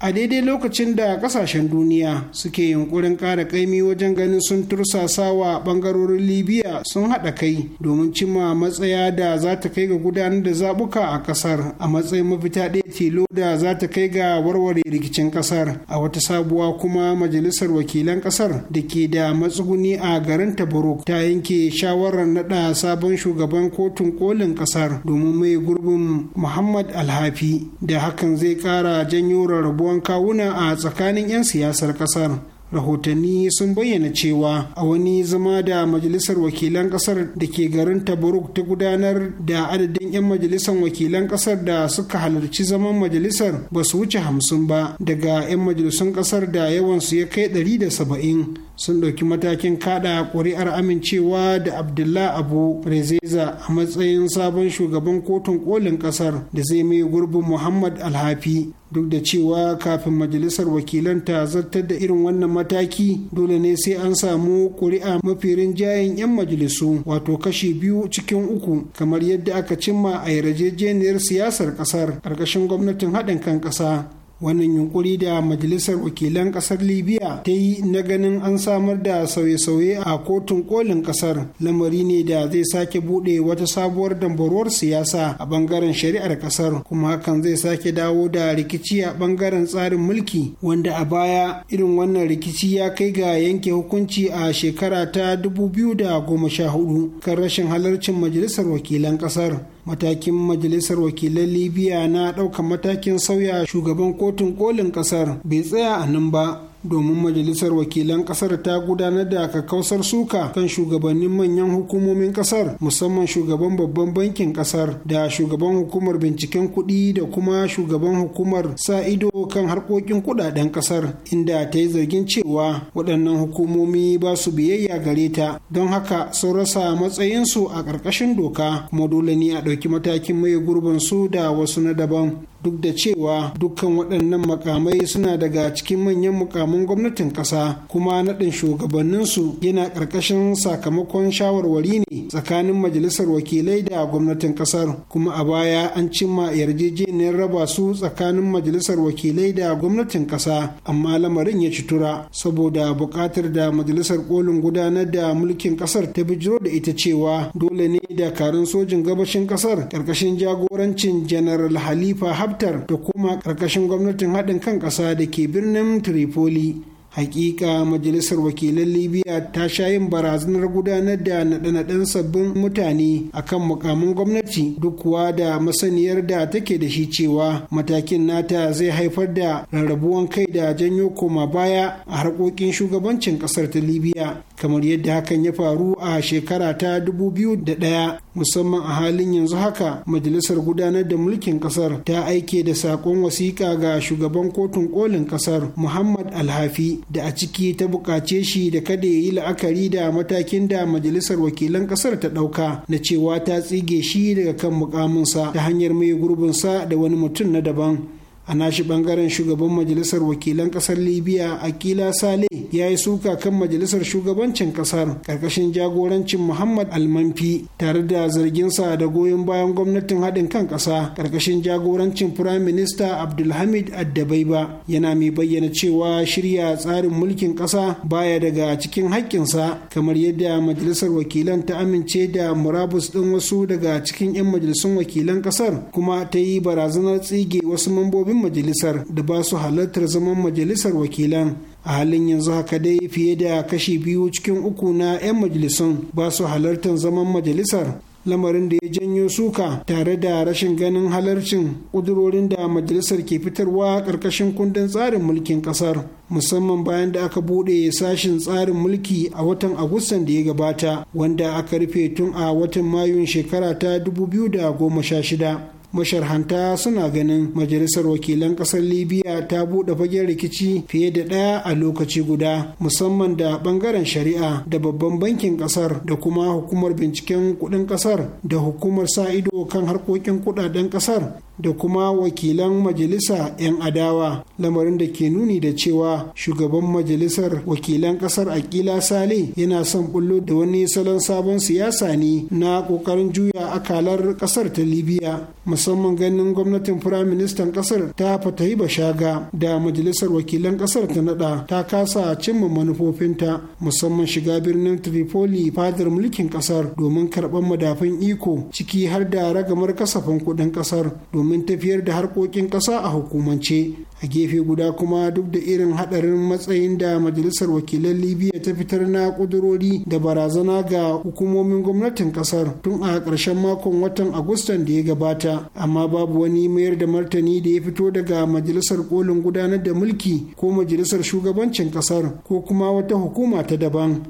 Speaker 6: a daidai lokacin da kasashen duniya suke yunkurin ƙara kaimi wajen ganin sun tursasa wa ɓangarorin libya sun haɗa kai domin cimma matsaya da za ta kai ga gudanar da zaɓuka a ƙasar a matsayin mafita ɗaya tilo da za ta kai ga warware rikicin ƙasar a wata sabuwa kuma majalisar wakilan ƙasar da ke da matsuguni a garin tabarok ta yanke shawarar naɗa sabon shugaban kotun kolin ƙasar domin mai gurbin muhammad alhafi da hakan zai ƙara janyo rarrabuwan kawuna a tsakanin 'yan siyasar kasar rahotanni sun bayyana cewa a wani zama da majalisar wakilan kasar da ke garin tabaruk ta gudanar da adadin 'yan majalisar wakilan kasar da suka halarci zaman majalisar ba su wuce hamsin ba daga 'yan majalisun kasar da yawansu ya kai 170 sun ɗauki matakin kada ƙuri'ar amincewa da abdullah abu rezeza a matsayin sabon shugaban kotun kolin ƙasar da zai mai gurbin muhammad alhafi duk da cewa kafin majalisar wakilan ta zartar da irin wannan mataki dole ne sai an samu ƙuri'a mafi rinjayen 'yan majalisu wato kashi biyu cikin uku kamar yadda aka cimma a yarjejeniyar siyasar kasar ƙarƙashin gwamnatin haɗin kan ƙasa wannan yunkuri da majalisar wakilan kasar libya ta yi na ganin an samar da sauye-sauye a kotun kolin kasar lamari ne da zai sake bude wata sabuwar dambarwar siyasa a bangaren shari'ar kasar kuma hakan zai sake dawo da rikici a bangaren tsarin mulki wanda a baya irin wannan rikici ya kai ga yanke hukunci a shekara ta 2014 kan rashin halarcin majalisar wakilan kasar matakin majalisar wakilan libya na ɗaukar matakin sauya shugaban kotun kolin ƙasar bai tsaya a nan ba domin majalisar wakilan kasar ta gudanar da kakkausar suka kan shugabannin manyan hukumomin kasar musamman shugaban babban bankin kasar da shugaban hukumar binciken kuɗi da kuma shugaban hukumar sa ido kan harkokin kuɗaɗen kasar inda ta yi zargin cewa waɗannan hukumomi ba su biyayya gare ta don haka sun rasa matsayinsu a ƙarƙashin doka kuma dole ne a ɗauki matakin mai gurbin su da wasu na daban duk da cewa dukkan waɗannan makamai suna daga cikin manyan mukamin gwamnatin ƙasa kuma naɗin shugabanninsu yana ƙarƙashin sakamakon shawarwari ne tsakanin majalisar wakilai da gwamnatin ƙasar kuma a baya an cimma yarjejeniyar raba su tsakanin majalisar wakilai da gwamnatin ƙasa amma lamarin ya ci tura saboda buƙatar da majalisar kolin gudanar da mulkin ƙasar ta bijiro da ita cewa dole ne dakarun sojin gabashin ƙasar ƙarƙashin jagorancin janaral halifa haftar da kuma ƙarƙashin gwamnatin haɗin kan ƙasa da ke birnin tripoli hakika majalisar wakilan libya ta sha yin barazanar gudanar da naɗe-naɗen sabbin mutane a kan mukamin gwamnati duk kuwa da masaniyar da take da shi cewa matakin nata zai haifar da rarrabuwan kai da janyo koma baya a harkokin shugabancin ƙasar ta libya kamar yadda hakan ya faru a shekara ta 2001 musamman a halin yanzu haka majalisar gudanar da mulkin ƙasar ta aike da saƙon wasiƙa ga shugaban kotun kolin ƙasar muhammad alhafi da a ciki ta bukace shi da kada ya yi la'akari da matakin da majalisar wakilan ƙasar ta ɗauka na cewa ta tsige shi daga kan mukaminsa ta hanyar mai gurbinsa da wani mutum na daban a nashi bangaren shugaban majalisar wakilan kasar libya akila sale ya yi suka kan majalisar shugabancin kasar karkashin jagorancin muhammad almanfi tare da zarginsa da goyon bayan gwamnatin haɗin kan ƙasa karkashin jagorancin firayim minista abdulhamid addabaiba yana mai bayyana cewa shirya tsarin mulkin ƙasa baya daga cikin haƙƙinsa kamar yadda majalisar wakilan ta amince da murabus ɗin wasu daga cikin 'yan majalisun wakilan ƙasar kuma ta yi barazanar tsige wasu mambobin majalisar da ba su halartar zaman majalisar wakilan a halin yanzu haka dai fiye da kashi biyu cikin uku na 'yan majalisun ba su halartar zaman majalisar lamarin da ya janyo suka tare da rashin ganin halarcin ƙudurorin da majalisar ke fitarwa ƙarƙashin kundin tsarin mulkin ƙasar musamman bayan da aka buɗe sashin tsarin mulki a watan agustan da ya gabata wanda aka rufe tun a watan mayun shekara ta 2016 masharhanta suna ganin majalisar wakilan kasar libya ta buɗe fagen rikici fiye da ɗaya a lokaci guda musamman da ɓangaren shari'a da babban bankin kasar da kuma hukumar binciken kuɗin kasar da hukumar sa ido kan harkokin kuɗaɗen kasar da kuma wakilan majalisa 'yan adawa lamarin da ke nuni da cewa shugaban majalisar wakilan kasar akila sale yana son bullo da wani salon sabon siyasa ne na kokarin juya akalar kasar ta libya musamman ganin gwamnatin firaministan kasar ta fatahi bashaga da majalisar wakilan kasar ta nada ta kasa cimma manufofinta musamman shiga birnin tripoli fadar mulkin kasar domin karban madafin iko ciki har da ragamar kasafin kuɗin kasar domin domin tafiyar da harkokin ƙasa a hukumance a gefe guda kuma duk da irin hadarin matsayin da majalisar wakilan libya ta fitar na kudurori da barazana ga hukumomin gwamnatin kasar tun a ƙarshen makon watan agustan da ya gabata amma babu wani mayar da martani da ya fito daga majalisar kolin gudanar da mulki ko majalisar shugabancin kasar ko kuma wata hukuma ta daban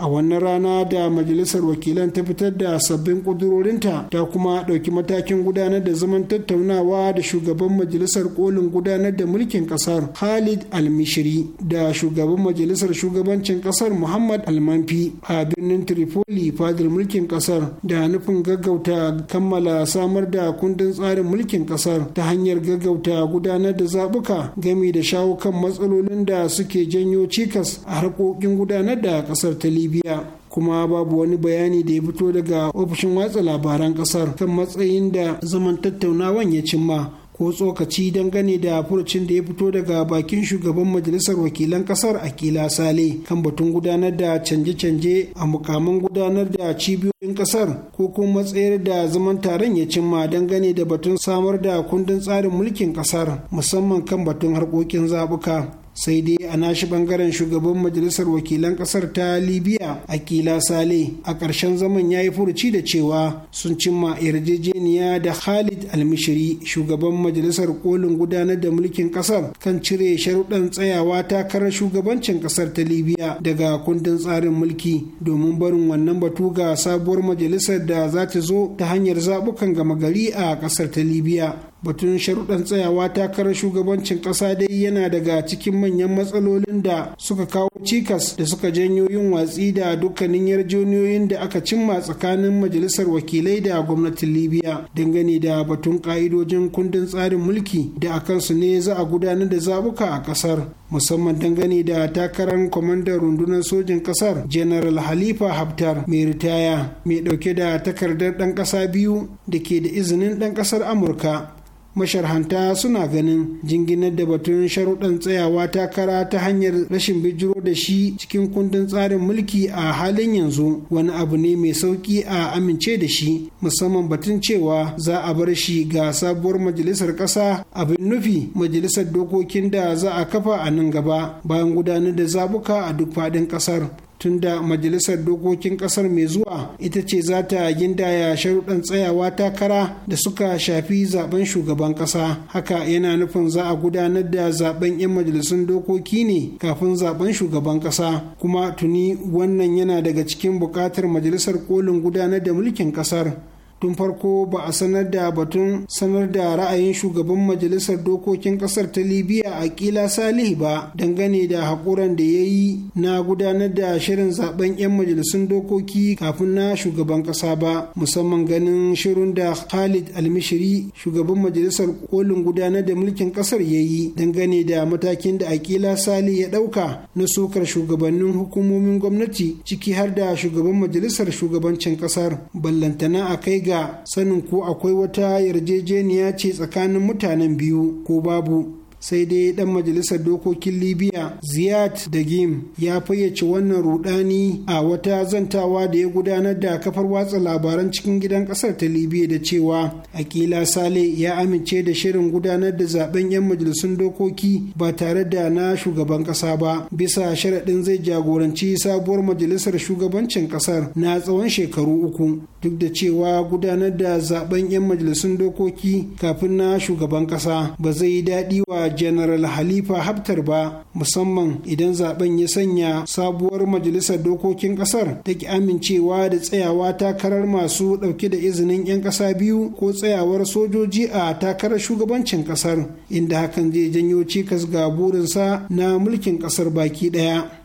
Speaker 6: a wannan rana da majalisar wakilan ta fitar da sabbin kudurorinta ta kuma ɗauki matakin gudanar da zaman tattaunawa da shugaban majalisar kolin gudanar da mulkin ƙasar khalid almishiri da shugaban majalisar shugabancin ƙasar muhammad almanfi a birnin tripoli fadar mulkin ƙasar da nufin gaggauta kammala samar da kundin tsarin mulkin ƙasar ta hanyar gaggauta gudanar da zaɓuka gami da shawo kan matsalolin da suke janyo cikas a harkokin gudanar da ƙasar ta libya libya kuma babu wani bayani da ya fito daga ofishin watsa labaran kasar kan matsayin da zaman tattaunawan ya cimma ko tsokaci dangane da furucin da ya fito daga bakin shugaban majalisar wakilan kasar akila sale kan batun gudanar da canje-canje a mukamin gudanar da cibiyoyin kasar ko kuma matsayar da zaman taron ya cimma dangane da batun samar da kundin tsarin mulkin kasar musamman kan batun harkokin zabuka sai dai a nashi bangaren shugaban majalisar wakilan kasar ta libya akila sale a ƙarshen zaman ya yi furuci da cewa sun cimma yarjejeniya da khalid almishiri shugaban majalisar kolin gudanar da mulkin kasar kan cire sharuɗan tsayawa takarar shugabancin kasar ta libya daga kundin tsarin mulki domin barin wannan batu ga sabuwar majalisar da za ta zo ta hanyar zaɓukan gama gari a kasar ta libya batun sharuɗan tsayawa takarar shugabancin ƙasa dai yana daga cikin manyan matsalolin da suka kawo cikas da suka janyo yin watsi da dukkanin yarjejeniyoyin da aka cimma tsakanin majalisar wakilai da gwamnatin libya dangane da batun ƙa'idojin kundin tsarin mulki da a kansu ne za a gudanar da zabuka a ƙasar musamman dangane da takarar kwamandan rundunar sojin ƙasar general halifa haftar mai ritaya mai ɗauke da takardar ɗan ƙasa biyu da ke da izinin ɗan ƙasar amurka masharhanta suna ganin jinginar da batun sharuɗan tsayawa takara ta hanyar rashin bijiro da shi cikin kundin tsarin mulki a halin yanzu wani abu ne mai sauƙi a amince da shi musamman batun cewa za a bar shi ga sabuwar majalisar ƙasa abin nufi majalisar dokokin da za a kafa a nan gaba bayan gudanar da zabuka a duk faɗin ƙasar tunda majalisar dokokin kasar mai zuwa ita ce za ta gindaya sharuɗan tsayawa takara da suka shafi zaben shugaban ƙasa haka yana nufin za a gudanar da zaben 'yan majalisun dokoki ne kafin zaben shugaban ƙasa kuma tuni wannan yana daga cikin buƙatar majalisar kolin gudanar da mulkin ƙasar. tun farko ba a sanar da batun sanar da ra'ayin shugaban majalisar dokokin kasar ta libya a kila salih ba dangane da haƙuran da ya yi na gudanar da shirin zaben 'yan majalisun dokoki kafin na shugaban ƙasa ba musamman ganin shirin da khalid almishiri shugaban majalisar kolin gudanar da mulkin ƙasar ya yi dangane da matakin da a akila salih ya ɗauka na sukar shugabannin hukumomin gwamnati ciki har da shugaban majalisar shugabancin ƙasar ballantana a kai ga ga sanin ko akwai wata yarjejeniya ce tsakanin mutanen biyu ko babu sai dai dan majalisar dokokin libya ziyad dagim ya fayyace wannan rudani a wata zantawa da ya gudanar da kafar watsa labaran cikin gidan kasar ta libya da cewa akila sale ya amince da shirin gudanar da zaben yan majalisun dokoki ba tare da na shugaban kasa ba bisa sharaɗin zai jagoranci sabuwar majalisar shugabancin kasar na tsawon shekaru uku duk da cewa gudanar da zaben yan majalisun dokoki kafin na shugaban kasa ba zai yi daɗi wa general halifa haftar ba musamman idan zaben ya sanya sabuwar majalisar dokokin kasar ta ki amincewa da tsayawa takarar masu ɗauke da izinin 'yan ƙasa biyu ko tsayawar sojoji a takarar shugabancin kasar inda hakan zai janyo cikas ga burinsa na mulkin kasar baki ɗaya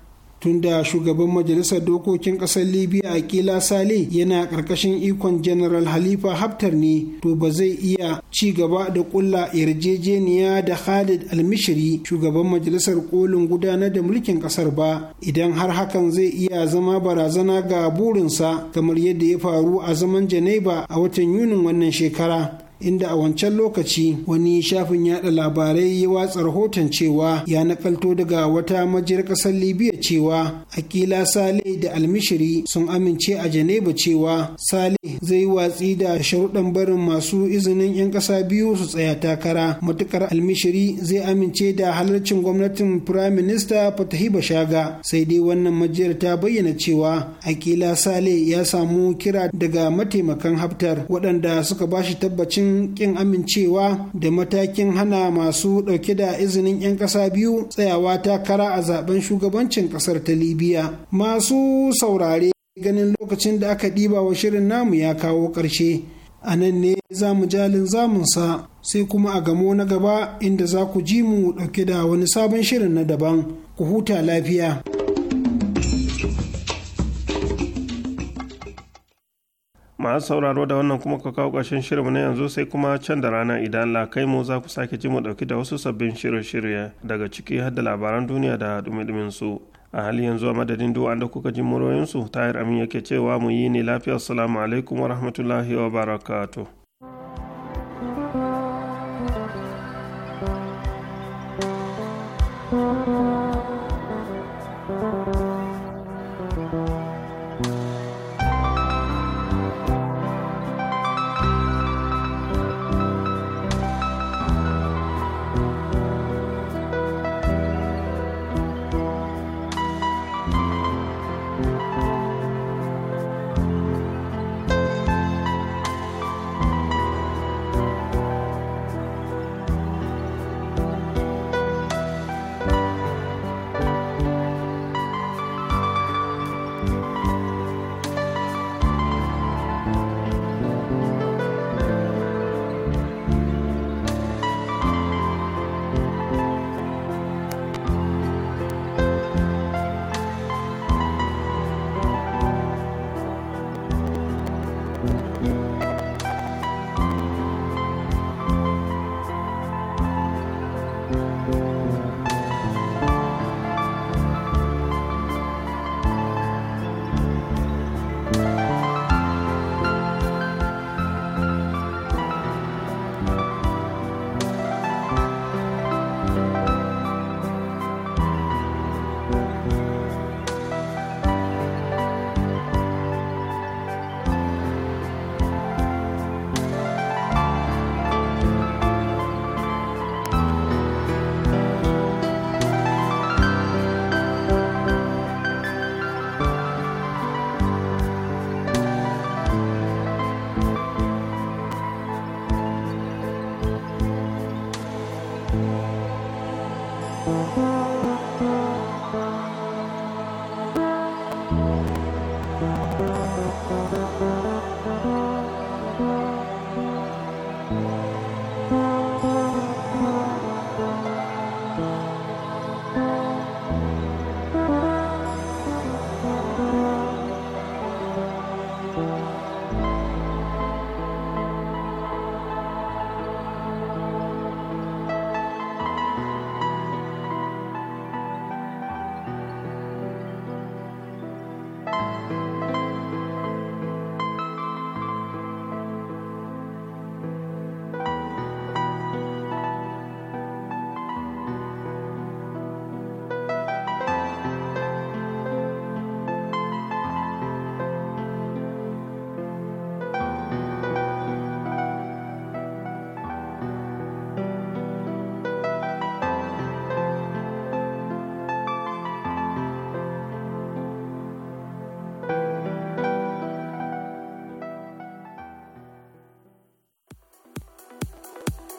Speaker 6: tunda shugaban majalisar dokokin ƙasar libya akila sale yana ƙarƙashin ikon general halifa haftar ne to ba zai iya ci gaba da ƙulla yarjejeniya da khalid almishiri shugaban majalisar kolin gudanar da mulkin ƙasar ba idan har hakan zai iya zama barazana ga burinsa kamar yadda ya faru a zaman janeba a watan yunin wannan shekara inda a wancan lokaci wani shafin yada labarai ya watsa rahoton cewa ya nakalto daga wata majiyar kasar libya cewa akila sale da almishiri sun amince a janeba cewa sale zai watsi da sharuɗan barin masu izinin 'yan ƙasa biyu su tsaya takara matukar almishiri zai amince da halarcin gwamnatin firayim minista fatahi bashaga sai dai wannan majiyar ta bayyana cewa akila sale ya samu kira daga mataimakan haftar waɗanda suka bashi tabbacin matakin kin amincewa da matakin hana masu ɗauke da izinin 'yan ƙasa biyu tsayawa takara a zaben shugabancin ƙasar ta libya masu saurare ganin lokacin da aka ɗiba wa shirin namu ya kawo ƙarshe a nan ne za mu jalin zamunsa sai kuma a gamo na gaba inda za ku ji mu ɗauke da wani sabon shirin na daban ku huta lafiya.
Speaker 3: masu sauraro da wannan kuma ka kawo ƙarshen shirinmu na yanzu sai kuma can da rana idan la kai mu za ku sake ji mu ɗauki da wasu sabbin shirye-shirye daga ciki har da labaran duniya da dumi su a hali yanzu a madadin duwa da kuka ji muroyinsu tayar amin yake cewa mu yi ne lafiya assalamu alaikum wa rahmatullahi wa barakatuh